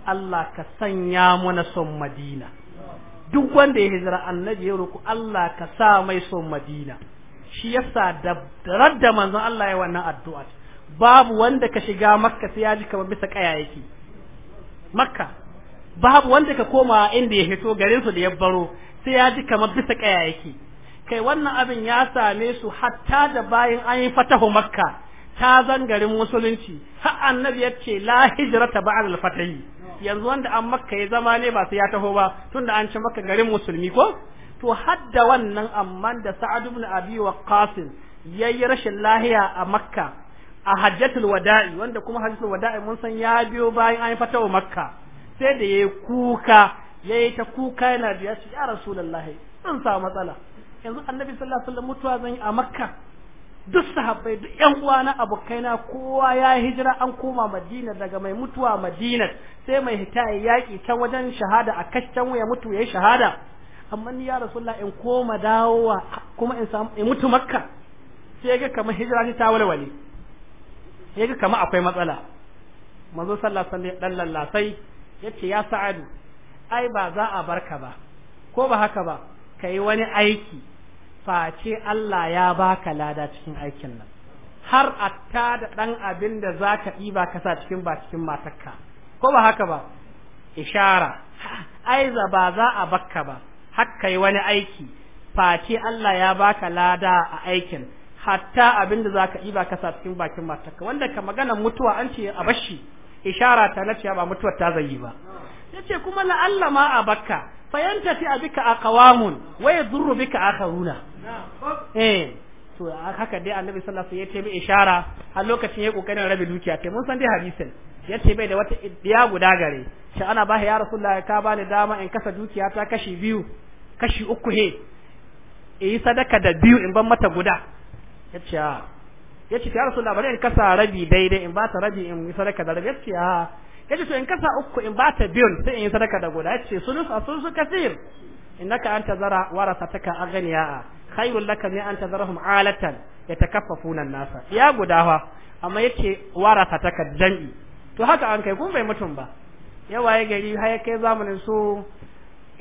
Allah ka sanya mana son madina duk wanda ya hijira annabi ya roku Allah ka sa mai son Madina shi yasa da radda manzon Allah ya wannan addu'a babu wanda ka shiga Makka sai ya ji kamar bisa kaya yake Makka babu wanda ka koma inda ya hito garin su da ya baro sai ya ji kamar bisa kaya yake kai wannan abin ya same su hatta da bayan an yi fatahu Makka ta garin musulunci har annabi ya ce la hijrata ba'da al-fatahi yanzu wanda an makka ya zama ne ba sai ya taho ba tunda an ci makka garin musulmi ko to hadda wannan amman da sa'ad ibn abi qasim yayi rashin lahiya a makka a hajjatul wada'i wanda kuma hajjatul wada'i mun san ya biyo bayan an wa makka sai da yayi kuka yayi ta kuka yana da shi ya rasulullahi an sa matsala yanzu annabi sallallahu alaihi wasallam mutuwa zan yi a makka duk sahabbai duk yan uwana abokaina kowa ya hijira an koma Madina daga mai mutuwa Madina sai mai hita ya yaƙi ta wajen shahada a kaccan ya mutu ya yi shahada amma ni ya rasulullah in koma dawowa kuma in samu in mutu makka sai ga kamar hijira ta walwale sai ga kamar akwai matsala manzo sallallahu alaihi wasallam dan lallasai yace ya sa'adu ai ba za a barka ba ko ba haka ba kai wani aiki face Allah ya baka lada cikin aikin nan har a ta da ɗan abin da za ka ɗiba ka sa cikin ba cikin matakka ko ba haka ba ishara aiza ba za a baka ba hakka yi wani aiki face Allah ya baka lada a aikin hatta abin da za ka ɗiba ka sa cikin bakin matakka wanda ka magana mutuwa an ce a bashi ishara ta na ba mutuwar ta zai yi ba yace kuma la'alla ma a bakka fayanta fi abika kawamun wa yadurru bika akharuna eh to haka dai annabi sallallahu alaihi wasallam ya ce ishara har lokacin ya kokarin rabe dukiya kai mun san dai hadisin ya ce bai da wata diya guda gare shi ana ba ya rasulullah ka bani dama in kasa dukiya ta kashi biyu kashi uku he yi sadaka da biyu in ban mata guda ya ce a ah. ya ce ya rasulullah bari in kasa rabi daidai in ba ta rabi in yi sadaka da rabi ya ce a ah. ya ce to in kasa uku in ba ta biyun sai in yi sadaka da guda ya ce sulus a sulusu kasir innaka anta zara warasataka aghniya khairul laka min an tazarahum alatan yatakaffafuna an-nasa ya gudawa amma yace warasataka jam'i to haka an kai kun bai mutum ba yawa ya gari har kai zamanin su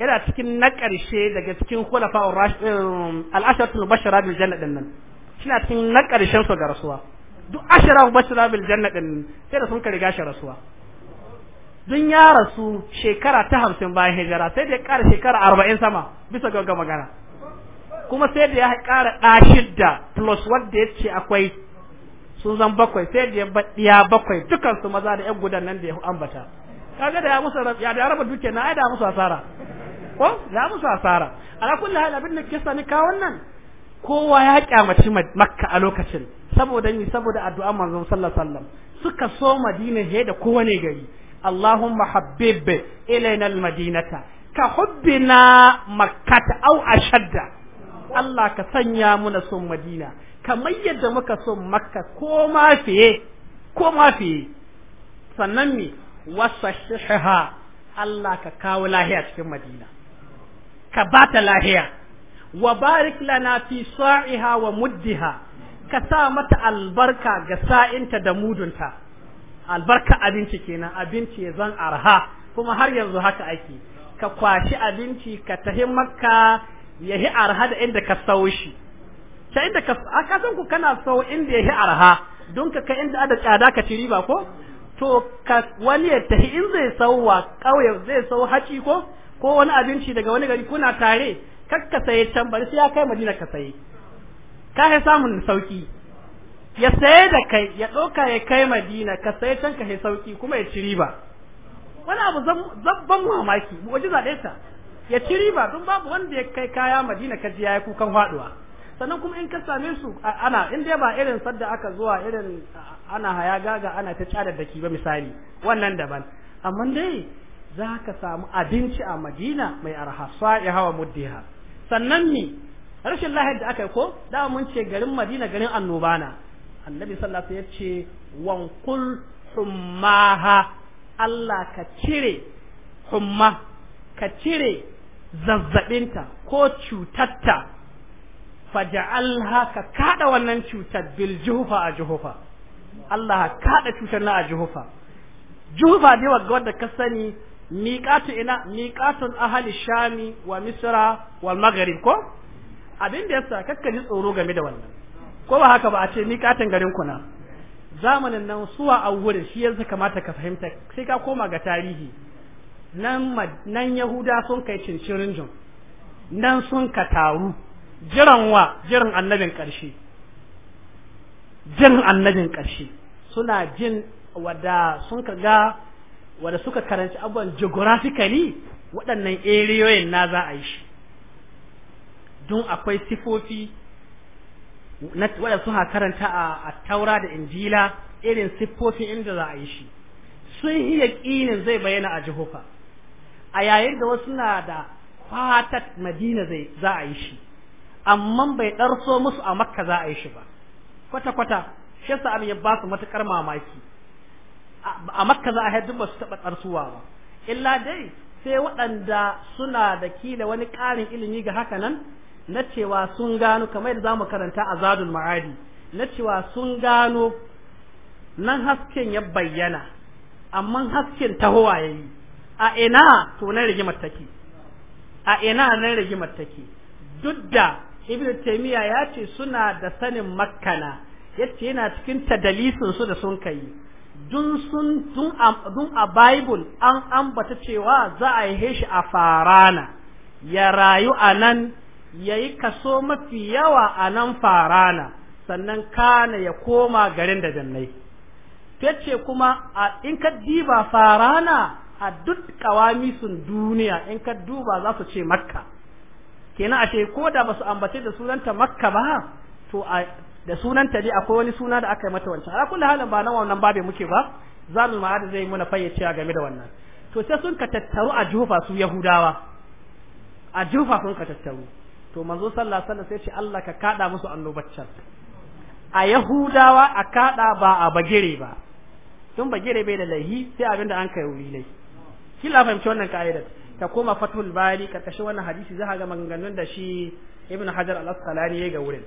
yana cikin na ƙarshe daga cikin khulafa al-asharatul bashara bil janna din nan suna cikin na ƙarshen su ga rasuwa duk asharatul bashara bil janna din sai da sun ka riga shi rasuwa dun ya rasu shekara ta hamsin bayan hijira sai da ya kara shekara arba'in sama bisa ga magana kuma sai da ya kara ɗa shidda plus wanda ya ce akwai sun zan bakwai sai da ya bakwai dukansu maza da ƴan gudan nan da ya ambata kaga da ya musu ya da raba duke na ai da musu asara ko da musu asara ala kulli hal abin da kisa ni ka wannan kowa ya kyamaci makka a lokacin saboda ni saboda addu'a manzon sallallahu alaihi wasallam suka so madina he da kowa kowane gari اللهم حبب إلينا المدينة كحبنا مكة أو أشد الله كسنيا من سوم مدينة كما يدمك سوم مكة كما فيه كما فيه سنمي وصححها الله ككاو لاهية في المدينة كبات لاهية وبارك لنا في صاعها ومدها كسامة البركة قسائنت دمودنتا albarka abinci kenan abinci ya zan arha kuma har yanzu haka ake ka kwashi abinci ka tahi makka ya hi arha da inda ka sau shi ta inda ka a kasan ku kana sau inda ya hi arha don ka kai inda ada tsada ka ci riba ko to ka wani ya tahi in zai sauwa kauye zai sau haci ko ko wani abinci daga wani gari kuna tare kakka saye can bari sai ya kai madina ka saye ka samun sauki ya saye da kai ya ɗauka ya kai madina ka saye can ka sauki kuma ya ci riba wani abu zabban mamaki waje zaɗe ta ya ci riba don babu wanda ya kai kaya madina ka ji yayi kukan haɗuwa sannan kuma in ka same su ana in dai ba irin sadda aka zuwa irin ana haya gaga ana ta cada daki ba misali wannan daban amma dai za ka samu abinci a madina mai arha sa'iha hawa muddiha sannan ni rashin lahadi da aka yi ko da mun ce garin madina garin annobana. annabi sallallahu alaihi ce, yace wan qul hummaha Allah ka cire humma ka cire zazzabinta ko cutatta faja'alha ka kada wannan cutar bil juhufa a juhufa Allah kada cutar na a juhufa juhufa dai wa wanda ka sani miqatu ina miqatun ahli shami wa misra wal maghrib ko abin da yasa kakkani tsoro game da wannan ko ba haka ba a ce ni katin garin kuna zamanin nan suwa a wurin shi yanzu kamata ka fahimta sai ka koma ga tarihi nan nan yahuda sun kai cincirin jin nan sun ka taru jiran wa jiran annabin karshe jiran annabin karshe suna jin wada sun ka ga wada suka karanci abubuwan geographically waɗannan eriyoyin na za a yi shi don akwai sifofi wadda suka karanta a taura da injila irin siffofin inda za a yi shi sun yi yaƙinin zai bayyana a Jehova. a yayin da wasu na da fatat madina zai za a yi shi amma bai ɗarso musu a makka za a yi shi ba kwata-kwata shi yasa abin ya ba su matuƙar mamaki a makka za a haɗu ba su taɓa ɗarsuwa ba illa dai sai waɗanda suna da kila wani ƙarin ilimi ga haka nan na cewa sun gano kamar da zamu karanta a zadul ma'adi na cewa sun gano nan hasken ya bayyana amma hasken tahowa yayi a ina to nan rigimar take a ina nan rigimar take duk da ibnu taymiya ya ce suna da sanin makkana yace yana cikin tadalisin su da sun kai dun sun dun a bible an ambata cewa za a yi shi a farana ya rayu a nan yayi kaso mafi yawa a nan farana sannan kana ya koma garin da jannai ce kuma a in ka diba farana a duk sun duniya in ka duba za su ce makka kenan ashe ko da basu ambace da sunanta makka ba to a da sunanta ne akwai wani suna da aka yi mata wancan a kullu halin ba nan wannan babe muke ba zalul ma'ad zai muna fayyace game da wannan to sai sun ka tattaru a jufa su yahudawa a jufa sun ka tattaru to manzo sallallahu alaihi wasallam sai ce Allah ka kada musu annobaccen a yahudawa a kada ba a bagire ba tun bagire bai da lahi sai abinda an kai wuri ne kila fahimci wannan ka'idar ta koma fatul bari karkashin wannan hadisi zaka ga maganganun da shi ibnu hajar al-asqalani ya ga wurin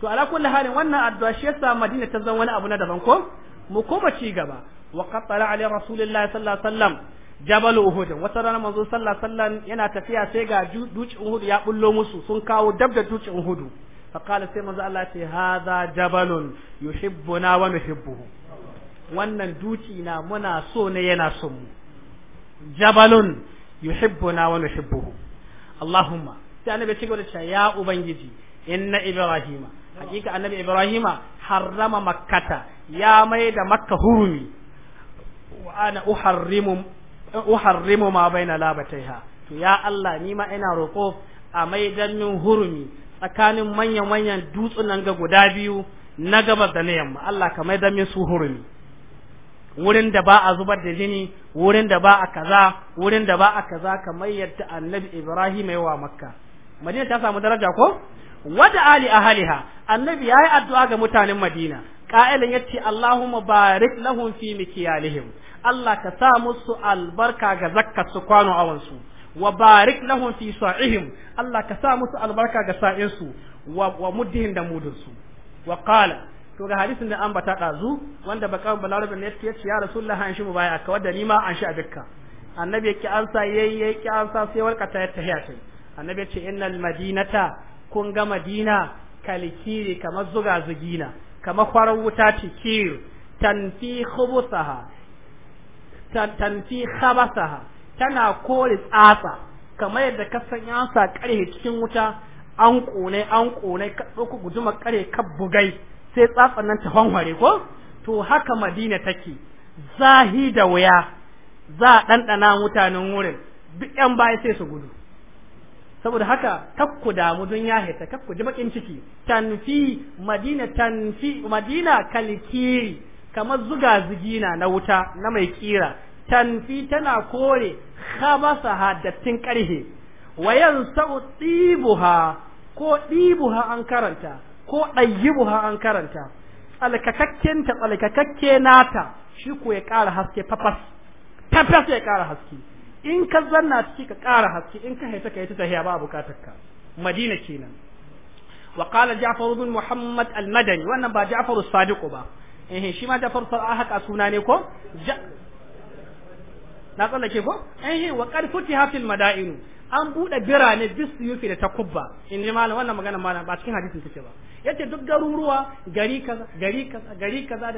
to ala kulli halin wannan addu'a shi yasa madina ta zama wani abu na daban ko mu koma ci gaba wa qatala ala rasulillahi sallallahu alaihi wasallam jabal uhud wata rana manzo sallallahu sallan yana tafiya sai ga dutsen uhud ya bullo musu sun kawo dabda da dutsen uhud fa qala sai manzo Allah ce hadha jabalun yuhibbuna wa nuhibbuhu wannan duci na muna so ne yana son mu jabalun yuhibbuna wa nuhibbuhu allahumma sai annabi ce gode ya ubangiji inna ibrahima hakika annabi ibrahima harrama makkata ya mai da makka hurumi wa ana uharrimu uharrimu ma baina labataiha to ya Allah ni ma ina roƙo a maidanin hurumi tsakanin manyan manyan dutsunan ga guda biyu na gabas da na yamma Allah ka maida min su hurumi wurin da ba a zubar da jini wurin da ba a kaza wurin da ba a kaza kamar yadda annabi ibrahim ya wa makka madina ta samu daraja ko wada ali ahliha annabi yayi addu'a ga mutanen madina qa'ilan yace allahumma barik lahum fi mikyalihim Allah ka sa musu albarka ga zakka su kwano wansu wa barik lahum fi sa'ihim Allah ka sa musu albarka ga sa'in su wa, muddihin da mudin su wa qala to ga hadisin da an bata dazu wanda baka balarabin ne yake ya rasulullah an shi mu baya ka da nima an shi a dukka annabi yake an sa yayi yake an sa sai warkata ya tahiya sai annabi ya ce innal madinata kun ga madina kalikiri kamar zuga zugina kamar kwarar wuta ce kir tanfi tanfi khabasaha tana kore tsatsa kamar yadda ka san ya sa karhe cikin wuta an kone an kone ka doko guduma karhe ka bugai sai tsatsan nan ta hanware ko to haka Madina take zahi da waya za a ɗanɗana mutanen wurin duk ƴan baya sai su gudu saboda haka da damu don ya hita takku ji bakin ciki tanfi madina tanfi madina kalkiri kamar zuga zigina na wuta na mai kira tanfi tana kore khabasa dattin karhe wayan sa'u ko ɗibuha an karanta ko dayibuha an karanta tsalkakakken ta nata shi ko ya ƙara haske fafas fafas ya ƙara haske in ka zanna ciki ka ƙara haske in ka haita ka ta tahiya ba bukatar ka madina kenan wa qala ja'far ibn muhammad al-madani wannan ba ja'far as-sadiq ba eh shi ma Ja'far haka suna ne ko na ke ko eh wa qad futiha fil mada'in an bude birane yufi da takubba in ji malam wannan magana malam ba cikin hadisin take ba yace duk garuruwa gari kaza gari kaza gari kaza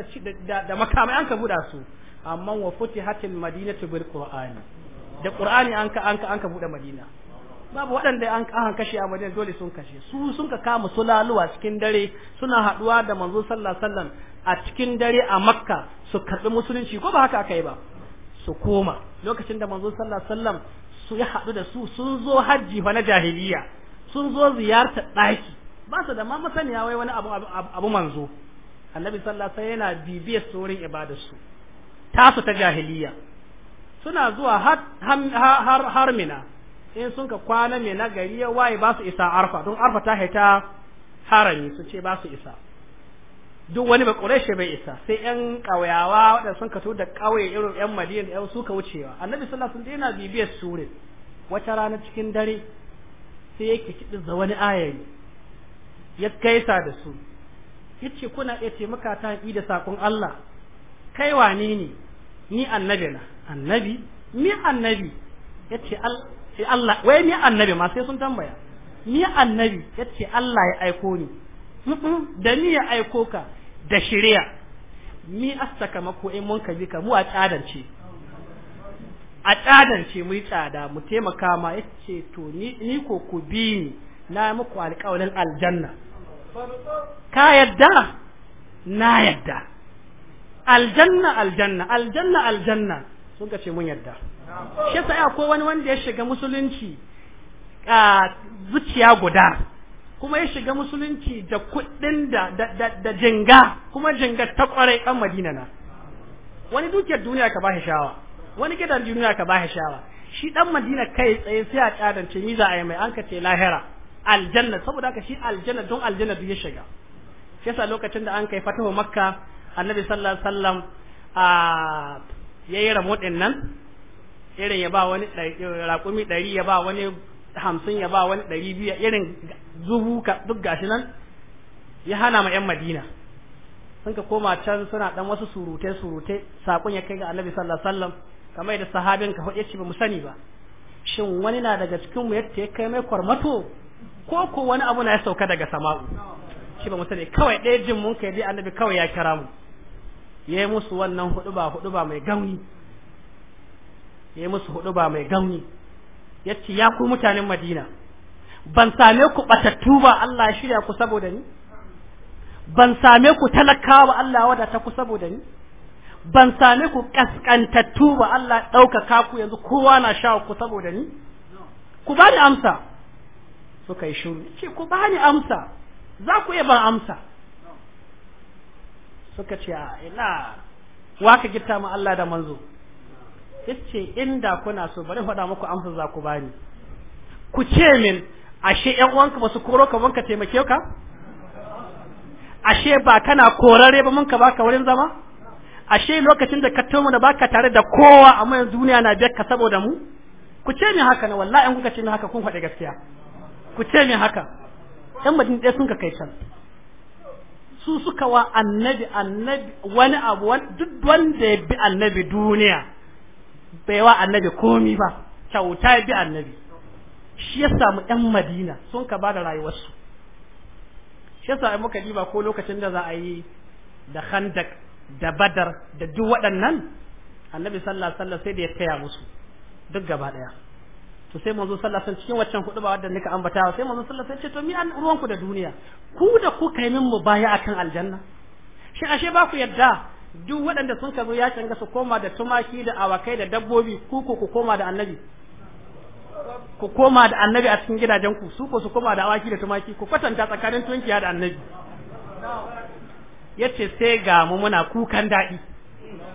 da da makamai an ka buda su amma wa futihatil madinatu bil qur'ani da qur'ani an ka an ka an ka buda madina babu waɗanda an kahan kashe a madina dole sun kashe su sun ka kama sulaluwa cikin dare suna haɗuwa da manzo sallallahu sallam a cikin dare a makka su karɓi musulunci ko ba haka aka yi ba su koma lokacin da manzo sallallahu sallam su ya haɗu da su sun zo hajji fa na jahiliya sun zo ziyarta ɗaki ba su da ma masaniya wai wani abu abu manzo annabi sallallahu sai yana bibiyar saurin ibadar su tasu ta jahiliya suna zuwa har har harmina in sun ka kwana mai nagari ya waye ba su isa arfa don arfa ta haita harami su ce ba su isa duk wani ba ƙureshe bai isa sai 'yan ƙauyawa waɗanda sun ka da ƙauye irin yan madina yan suka wucewa annabi sallallahu alaihi wasallam yana bibiyar sura wata rana cikin dare sai yake kidin za wani ayayi ya kaisa da su yace kuna iya taimaka ta yi da sakon Allah kai wane ne ni annabi na annabi ni annabi yace sai Allah wai ni annabi ma sai sun tambaya ni annabi yace Allah ya aiko ni da ni ya aiko ka da shari'a ni astaka mako in mun kaji ka mu a tsadance a tsadance mu yi tsada mu taimaka ma yace to ni ni ko ku bi ni na muku alƙawarin aljanna ka yadda na yadda aljanna aljanna aljanna aljanna sun ka ce mun yadda shi ya ko wani wanda ya shiga musulunci a zuciya guda kuma ya shiga musulunci da kuɗin da da jinga kuma jinga ta kwarai ɗan madina na wani dukiyar duniya ka bashi shawa wani gidan duniya ka bashi shawa shi ɗan madina kai tsaye sai a ƙadance ni za a yi mai an ka ce lahira aljanna saboda haka shi aljanna don aljanna duk ya shiga shi yasa lokacin da an kai fatahu makka annabi sallallahu alaihi wasallam a yayi ramodin nan irin ya ba wani raƙumi ɗari ya ba wani hamsin ya ba wani ɗari biyu irin zubu duk gashi nan ya hana ma 'yan madina sun ka koma can suna ɗan wasu surutai surutai saƙon ya kai ga annabi sallallahu alaihi wasallam kamar yadda sahabin ka faɗe shi ba mu sani ba shin wani na daga cikin mu yadda ya kai mai kwarmato ko ko wani abu na ya sauka daga sama'u shi ba mu sani kawai ɗaya jin mun kai dai annabi kawai ya kira mu ya yi musu wannan huɗuba huɗuba mai gauni ya yi musu hudu ba mai gauni ya ce ya ku mutanen madina ban same ku batattu ba Allah ya shirya ku saboda ni ban same ku talakawa ba Allah ya wadata ku saboda ni ban same ku kaskantattu ba Allah ya ɗaukaka ku yanzu kowa na sha ku saboda ni ku ba ni amsa suka yi shiru ce ku ba ni amsa za ku iya ban amsa suka ce a ina wa ka gitta ma Allah da manzo yace inda kuna so bari faɗa muku amsa za ku bani ku ce min ashe ƴan uwanka ba su koro ka wanka taimake ka ashe ba kana korare ba mun ka baka wurin zama ashe lokacin da ka tomo da baka tare da kowa amma yanzu duniya na biyar ka saboda mu ku ce min haka ne wallahi in kuka ce min haka kun faɗi gaskiya ku ce min haka ɗan mutum ɗaya sun ka kai can su suka wa annabi annabi wani abu duk wanda ya bi annabi duniya baiwa annabi komi ba kyauta bi annabi shi ya samu ɗan madina sun ka ba da rayuwarsu shi ya samu muka ba ko lokacin da za a yi da khandak da badar da duk waɗannan annabi sallallahu alaihi wasallam sai da ya taya musu duk gaba ɗaya to sai manzo sallallahu alaihi cikin waccan hudu ba wadda nika ambata sai manzo sallallahu alaihi wasallam ce to mi an ruwanku da duniya ku da ku yi min baya akan aljanna shi ashe ba ku yadda duk waɗanda sun ka zo yakin ga su koma da tumaki da awakai da dabbobi ku ku koma da annabi ku koma da annabi a cikin gidajen ku su ko su koma da awaki da tumaki ku kwatanta tsakanin tunkiya da annabi yace sai ga mu muna kukan daɗi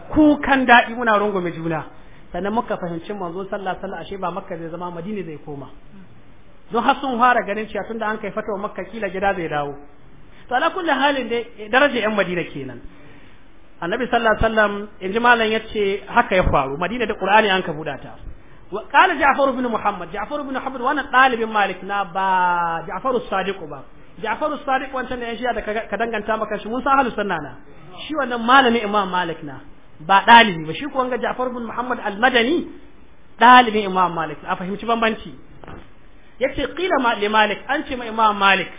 kukan daɗi muna rungume juna sannan muka fahimci manzo sallah sallah ashe ba makka zai zama madina zai koma don har sun fara ganin cewa tunda an kai fatawa makka kila gida zai dawo to ala kulli halin dai daraja yan madina kenan annabi sallallahu alaihi wasallam inji malam yace haka ya faru madina da qur'ani an ka buɗa ta wa qala ja'far ibn muhammad ja'far ibn muhammad wannan dalibin malik na ba ja'far as-sadiq ba ja'far as-sadiq wancan ne shi da ka danganta maka shi mun san halus na shi wannan malami imam malik na ba dalibi ba shi ko wanga ja'far ibn muhammad al-madani dalibin imam malik a fahimci bambanci yace qila ma li malik an ce ma imam malik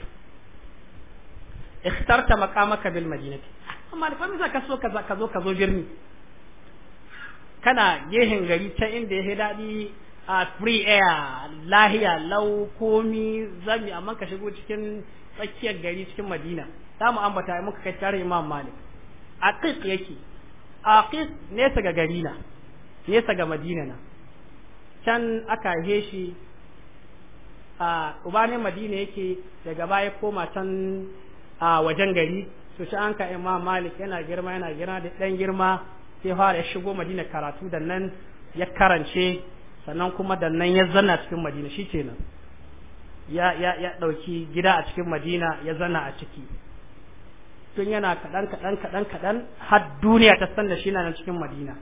ikhtarta maqamaka bil madinati amma da fami ka so ka zo ka zo birni kana gehen gari ta inda ya daɗi a free air lahiya lau komi zami amma ka shigo cikin tsakiyar gari cikin madina za mu ambata muka kai tare imam malik aqiq yake aqiq nesa ga gari na nesa ga madina na can aka heshi shi a ubanin madina yake daga baya koma can a wajen gari to shi an ka imam malik yana girma yana girma da ɗan girma sai fara ya shigo madina karatu da nan ya karance sannan kuma da nan ya zanna cikin madina shi kenan ya ya ya dauki gida a cikin madina ya zanna a ciki tun yana kaɗan kaɗan kaɗan kaɗan har duniya ta san da shi nan cikin madina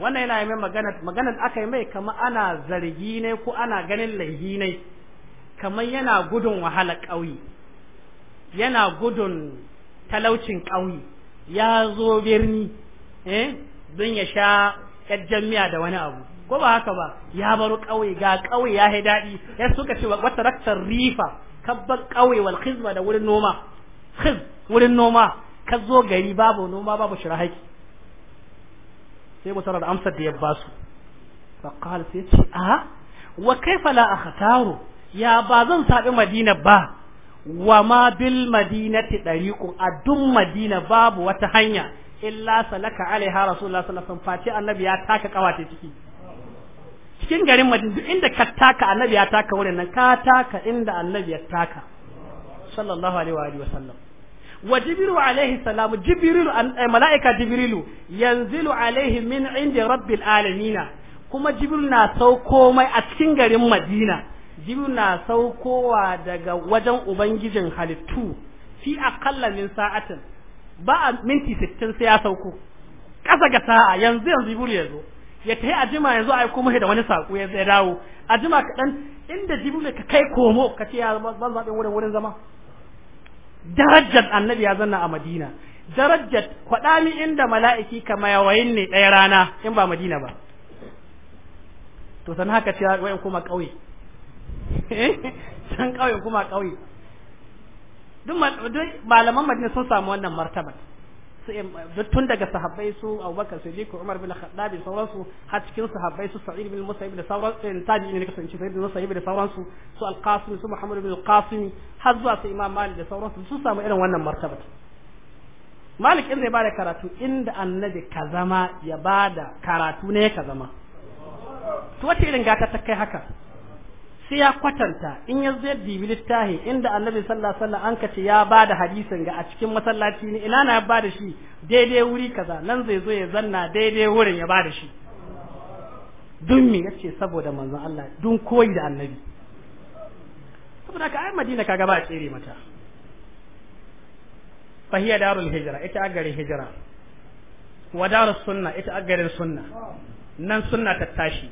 wannan yana yi mai magana maganar aka yi mai kama ana zargi ne ko ana ganin laihi ne kamar yana gudun wahala ƙauye yana gudun talaucin ƙauye ya zo birni eh don ya sha ƙajjan miya da wani abu ko ba haka ba ya baro ƙauye ga ƙauye ya daɗi ya suka ce wata raktar rifa kabban ƙauye wal khizma da wurin noma khiz wurin noma ka zo gari babu noma babu shirahaki sai mu da amsar da ya basu su qala sai ce a wa kai fala a ya ba zan saɓi madina ba wa ma bil madinati dariqun a madina babu wata hanya illa salaka alaiha rasulullah sallallahu alaihi wasallam face annabi ya taka kawace ciki cikin garin madina duk inda ka taka annabi ya taka wurin nan ka taka inda annabi ya taka sallallahu alaihi wa sallam wa jibril alaihi salam jibril eh, malaika jibrilu yanzilu alaihi min inda rabbil alamin kuma jibril na sauko mai a cikin garin madina jibi na saukowa daga wajen ubangijin halittu fi akalla min sa'atin ba a minti sittin sai ya sauko kasa ga sa'a yanzu yanzu jibril ya zo ya tafi a jima yanzu ai kuma da wani saƙo ya zai dawo a jima kaɗan inda ne ka kai komo ka ce ya ban zaɓen wurin wurin zama darajar annabi ya zanna a madina darajar kwaɗa ni inda mala'iki ka mayawayin ne ɗaya rana in ba madina ba to san haka ce wa'in kuma ƙauye can ƙauye kuma kauye duk malaman madina sun samu wannan martaba tun daga sahabbai su abubakar siddiq umar bin khattab sauransu har cikin sahabbai su sa'id bin musayyib da sauran eh, tabi'in ne kasance sa'id bin musayyib da sauransu su al-qasim su muhammad bin al-qasim har zuwa su imam malik da sauransu sun samu irin wannan martaba malik in zai bada karatu inda annabi ka zama ya bada karatu ne ka zama to wace irin gata ta kai haka sai ya kwatanta in ya zai dibi littahi inda annabi sallallahu alaihi wasallam an kace ya bada hadisin ga a cikin masallaci ne ina na bada shi daidai wuri kaza nan zai zo ya zanna daidai wurin ya bada shi dun me yace saboda manzon Allah dun koyi da annabi saboda ka ai Madina kaga ba tsere mata fahiya darul hijra ita agarin hijra wa darus sunna ita agarin sunna nan sunna ta tashi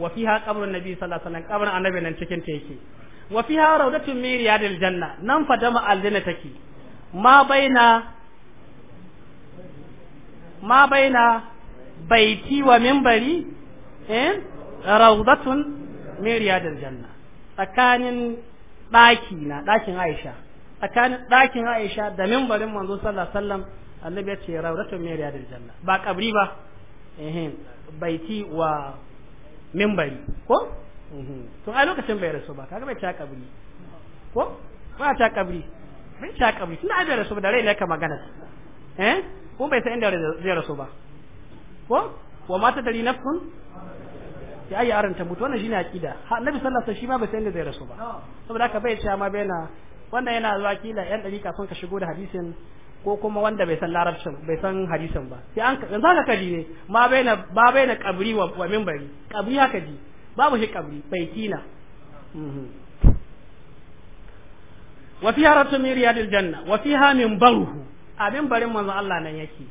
wa fiha qabrun nabi sallallahu alaihi wasallam qabrin annabi nan cikin ta yake wa fiha rawdatun min riyadil janna nan dama aljanna take ma baina ma baina baiti wa minbari eh rawdatun min riyadil janna tsakanin daki na dakin Aisha tsakanin dakin Aisha da minbarin manzo sallallahu alaihi wasallam annabi ya ce rawdatun min riyadil janna ba kabri ba eh baiti wa membari ko mhm. to a lokacin bai rasu ba kaga bai ta kabri ko ba ta kabri bai ta kabri tunda bai rasu ba da rai ne ka magana eh ko bai san inda zai rasu ba ko wa mata dari nafsun ya ayi aran ta mutu wannan shine aqida annabi sallallahu alaihi wasallam shi ma bai san inda zai rasu ba saboda haka bai ta ma bai na wannan yana zuwa kila yan dariƙa sun ka shigo da hadisin ko kuma wanda bai san larabcin bai san hadisin ba sai an yanzu haka kaji ne ma baina ba baina kabri wa, wa minbari kabri haka ji babu shi kabri baitina mhm. wa fiha ratu min riyadil janna wa fiha minbaruhu a minbarin manzo Allah nan yake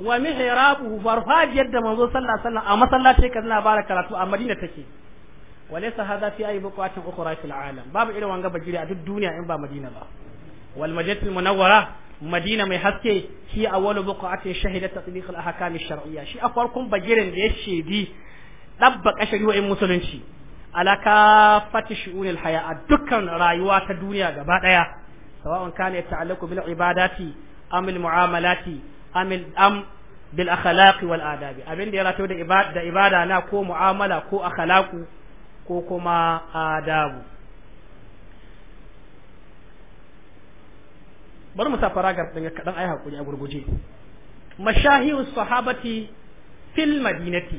wa mihrabuhu farfajiyar da manzo sallallahu alaihi wasallam a masallaci kan labara karatu a Madina take walaysa hadha fi ayi buqatin ukhra fil alam babu irin wanga bajiri a duk duniya in ba Madina ba wal majlis munawwara madina mai haske shi awwalu ake shahida tatbiq al ahkam al shar'iyya shi a farkon bagirin da ya shedi dabba kashariyoyin musulunci ala fati shu'un al haya dukkan rayuwa ta duniya gaba daya sawa'un kana yata'allaqu bil ibadati am al mu'amalati am am bil akhlaq wal adabi abin da ya rato da ibada da ibada na ko mu'amala ko akhlaqu ko kuma adabu bari mu sa faragar ɗin kaɗan ayi hakuri a gurguje mashahiru sahabati fil madinati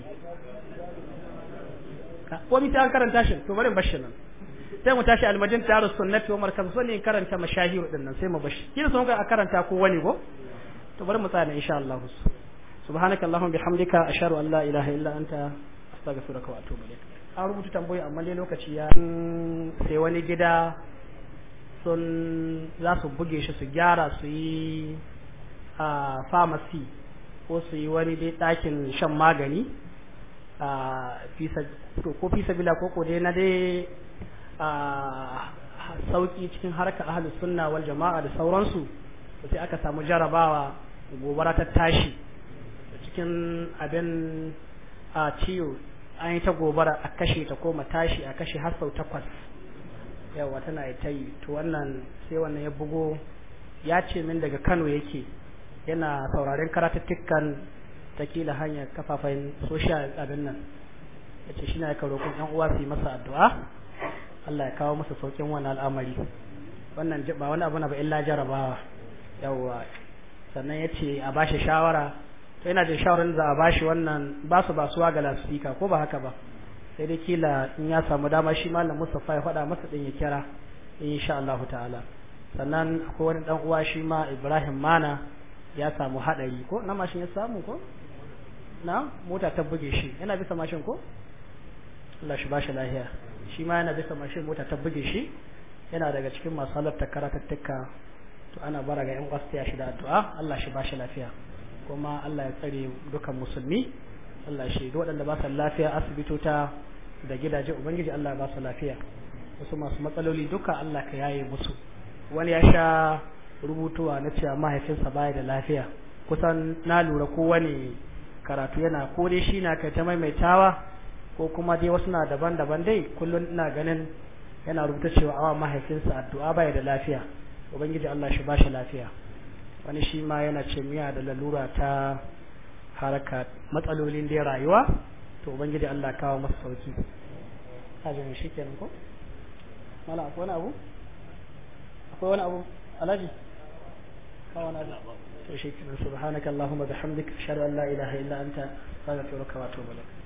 ko mi ta karanta shi to bari bashin nan sai mu tashi almajin taru sunnati wa markaz sunni karanta mashahiru din nan sai mu bashi kina son ka karanta ko wani go to bari mu tsaya insha Allah subhanaka allahumma bihamdika asharu an la ilaha illa anta astaghfiruka wa atubu ilaik an rubuta tambayoyi amma lokaci ya sai wani gida sun za su buge shi su gyara su yi a pharmacy ko su yi wani dai ɗakin shan magani a ko fisa bila ko ko dai na dai a sauki cikin harka ahalus sunna wal jama'a da sauransu sai aka samu jarabawa gobara ta tashi cikin abin a ciwo an yi ta gobara a kashe ta koma tashi a kashe har sau takwas yawa tana ta yi to wannan sai wannan ya bugo ya ce min daga Kano yake yana sauraren ta takila hanyar kafafen social abin nan ya ce shi na yaka roƙon ƴan uwa su yi masa addu'a Allah ya kawo masa saukin wani al'amari wannan ba wani abu na ba illa jarabawa yawa sannan ya ce a bashi shawara to yana jin shawaran za a bashi wannan ba su basuwa ga lasifika ko ba haka ba sai dai kila in ya samu dama shi malam Mustafa ya faɗa masa ɗin ya kira insha Allah ta'ala sannan akwai wani dan uwa shi ma Ibrahim Mana ya samu hadari ko na mashin ya samu ko na mota ta buge shi yana bisa mashin ko Allah shi bashi lahiya shi ma yana bisa mashin mota ta buge shi yana daga cikin masu halarta karatattuka to ana bara ga yan wasu shi da addu'a Allah shi bashi lafiya kuma Allah ya tsare dukan musulmi Allah shi ga waɗanda ba su lafiya asibitota da gidaje ubangiji Allah ba su lafiya wasu masu matsaloli duka Allah ka yaye musu wani ya sha rubutuwa na cewa mahaifinsa baya da lafiya kusan na lura ko wani karatu yana ko dai shi na kai ta maimaitawa ko kuma dai wasu na daban-daban dai kullum ina ganin yana rubuta cewa awa mahaifinsa addu'a baya da lafiya ubangiji Allah shi ba shi lafiya wani shi ma yana ce miya da lalura ta haraka matsalolin da rayuwa to ubangiji Allah kawo masa sauki ajin shi kenan ko mala akwai wani abu akwai wani abu alaji kawo to shi kenan bihamdika ashhadu an la ilaha illa anta astaghfiruka wa atubu ilaik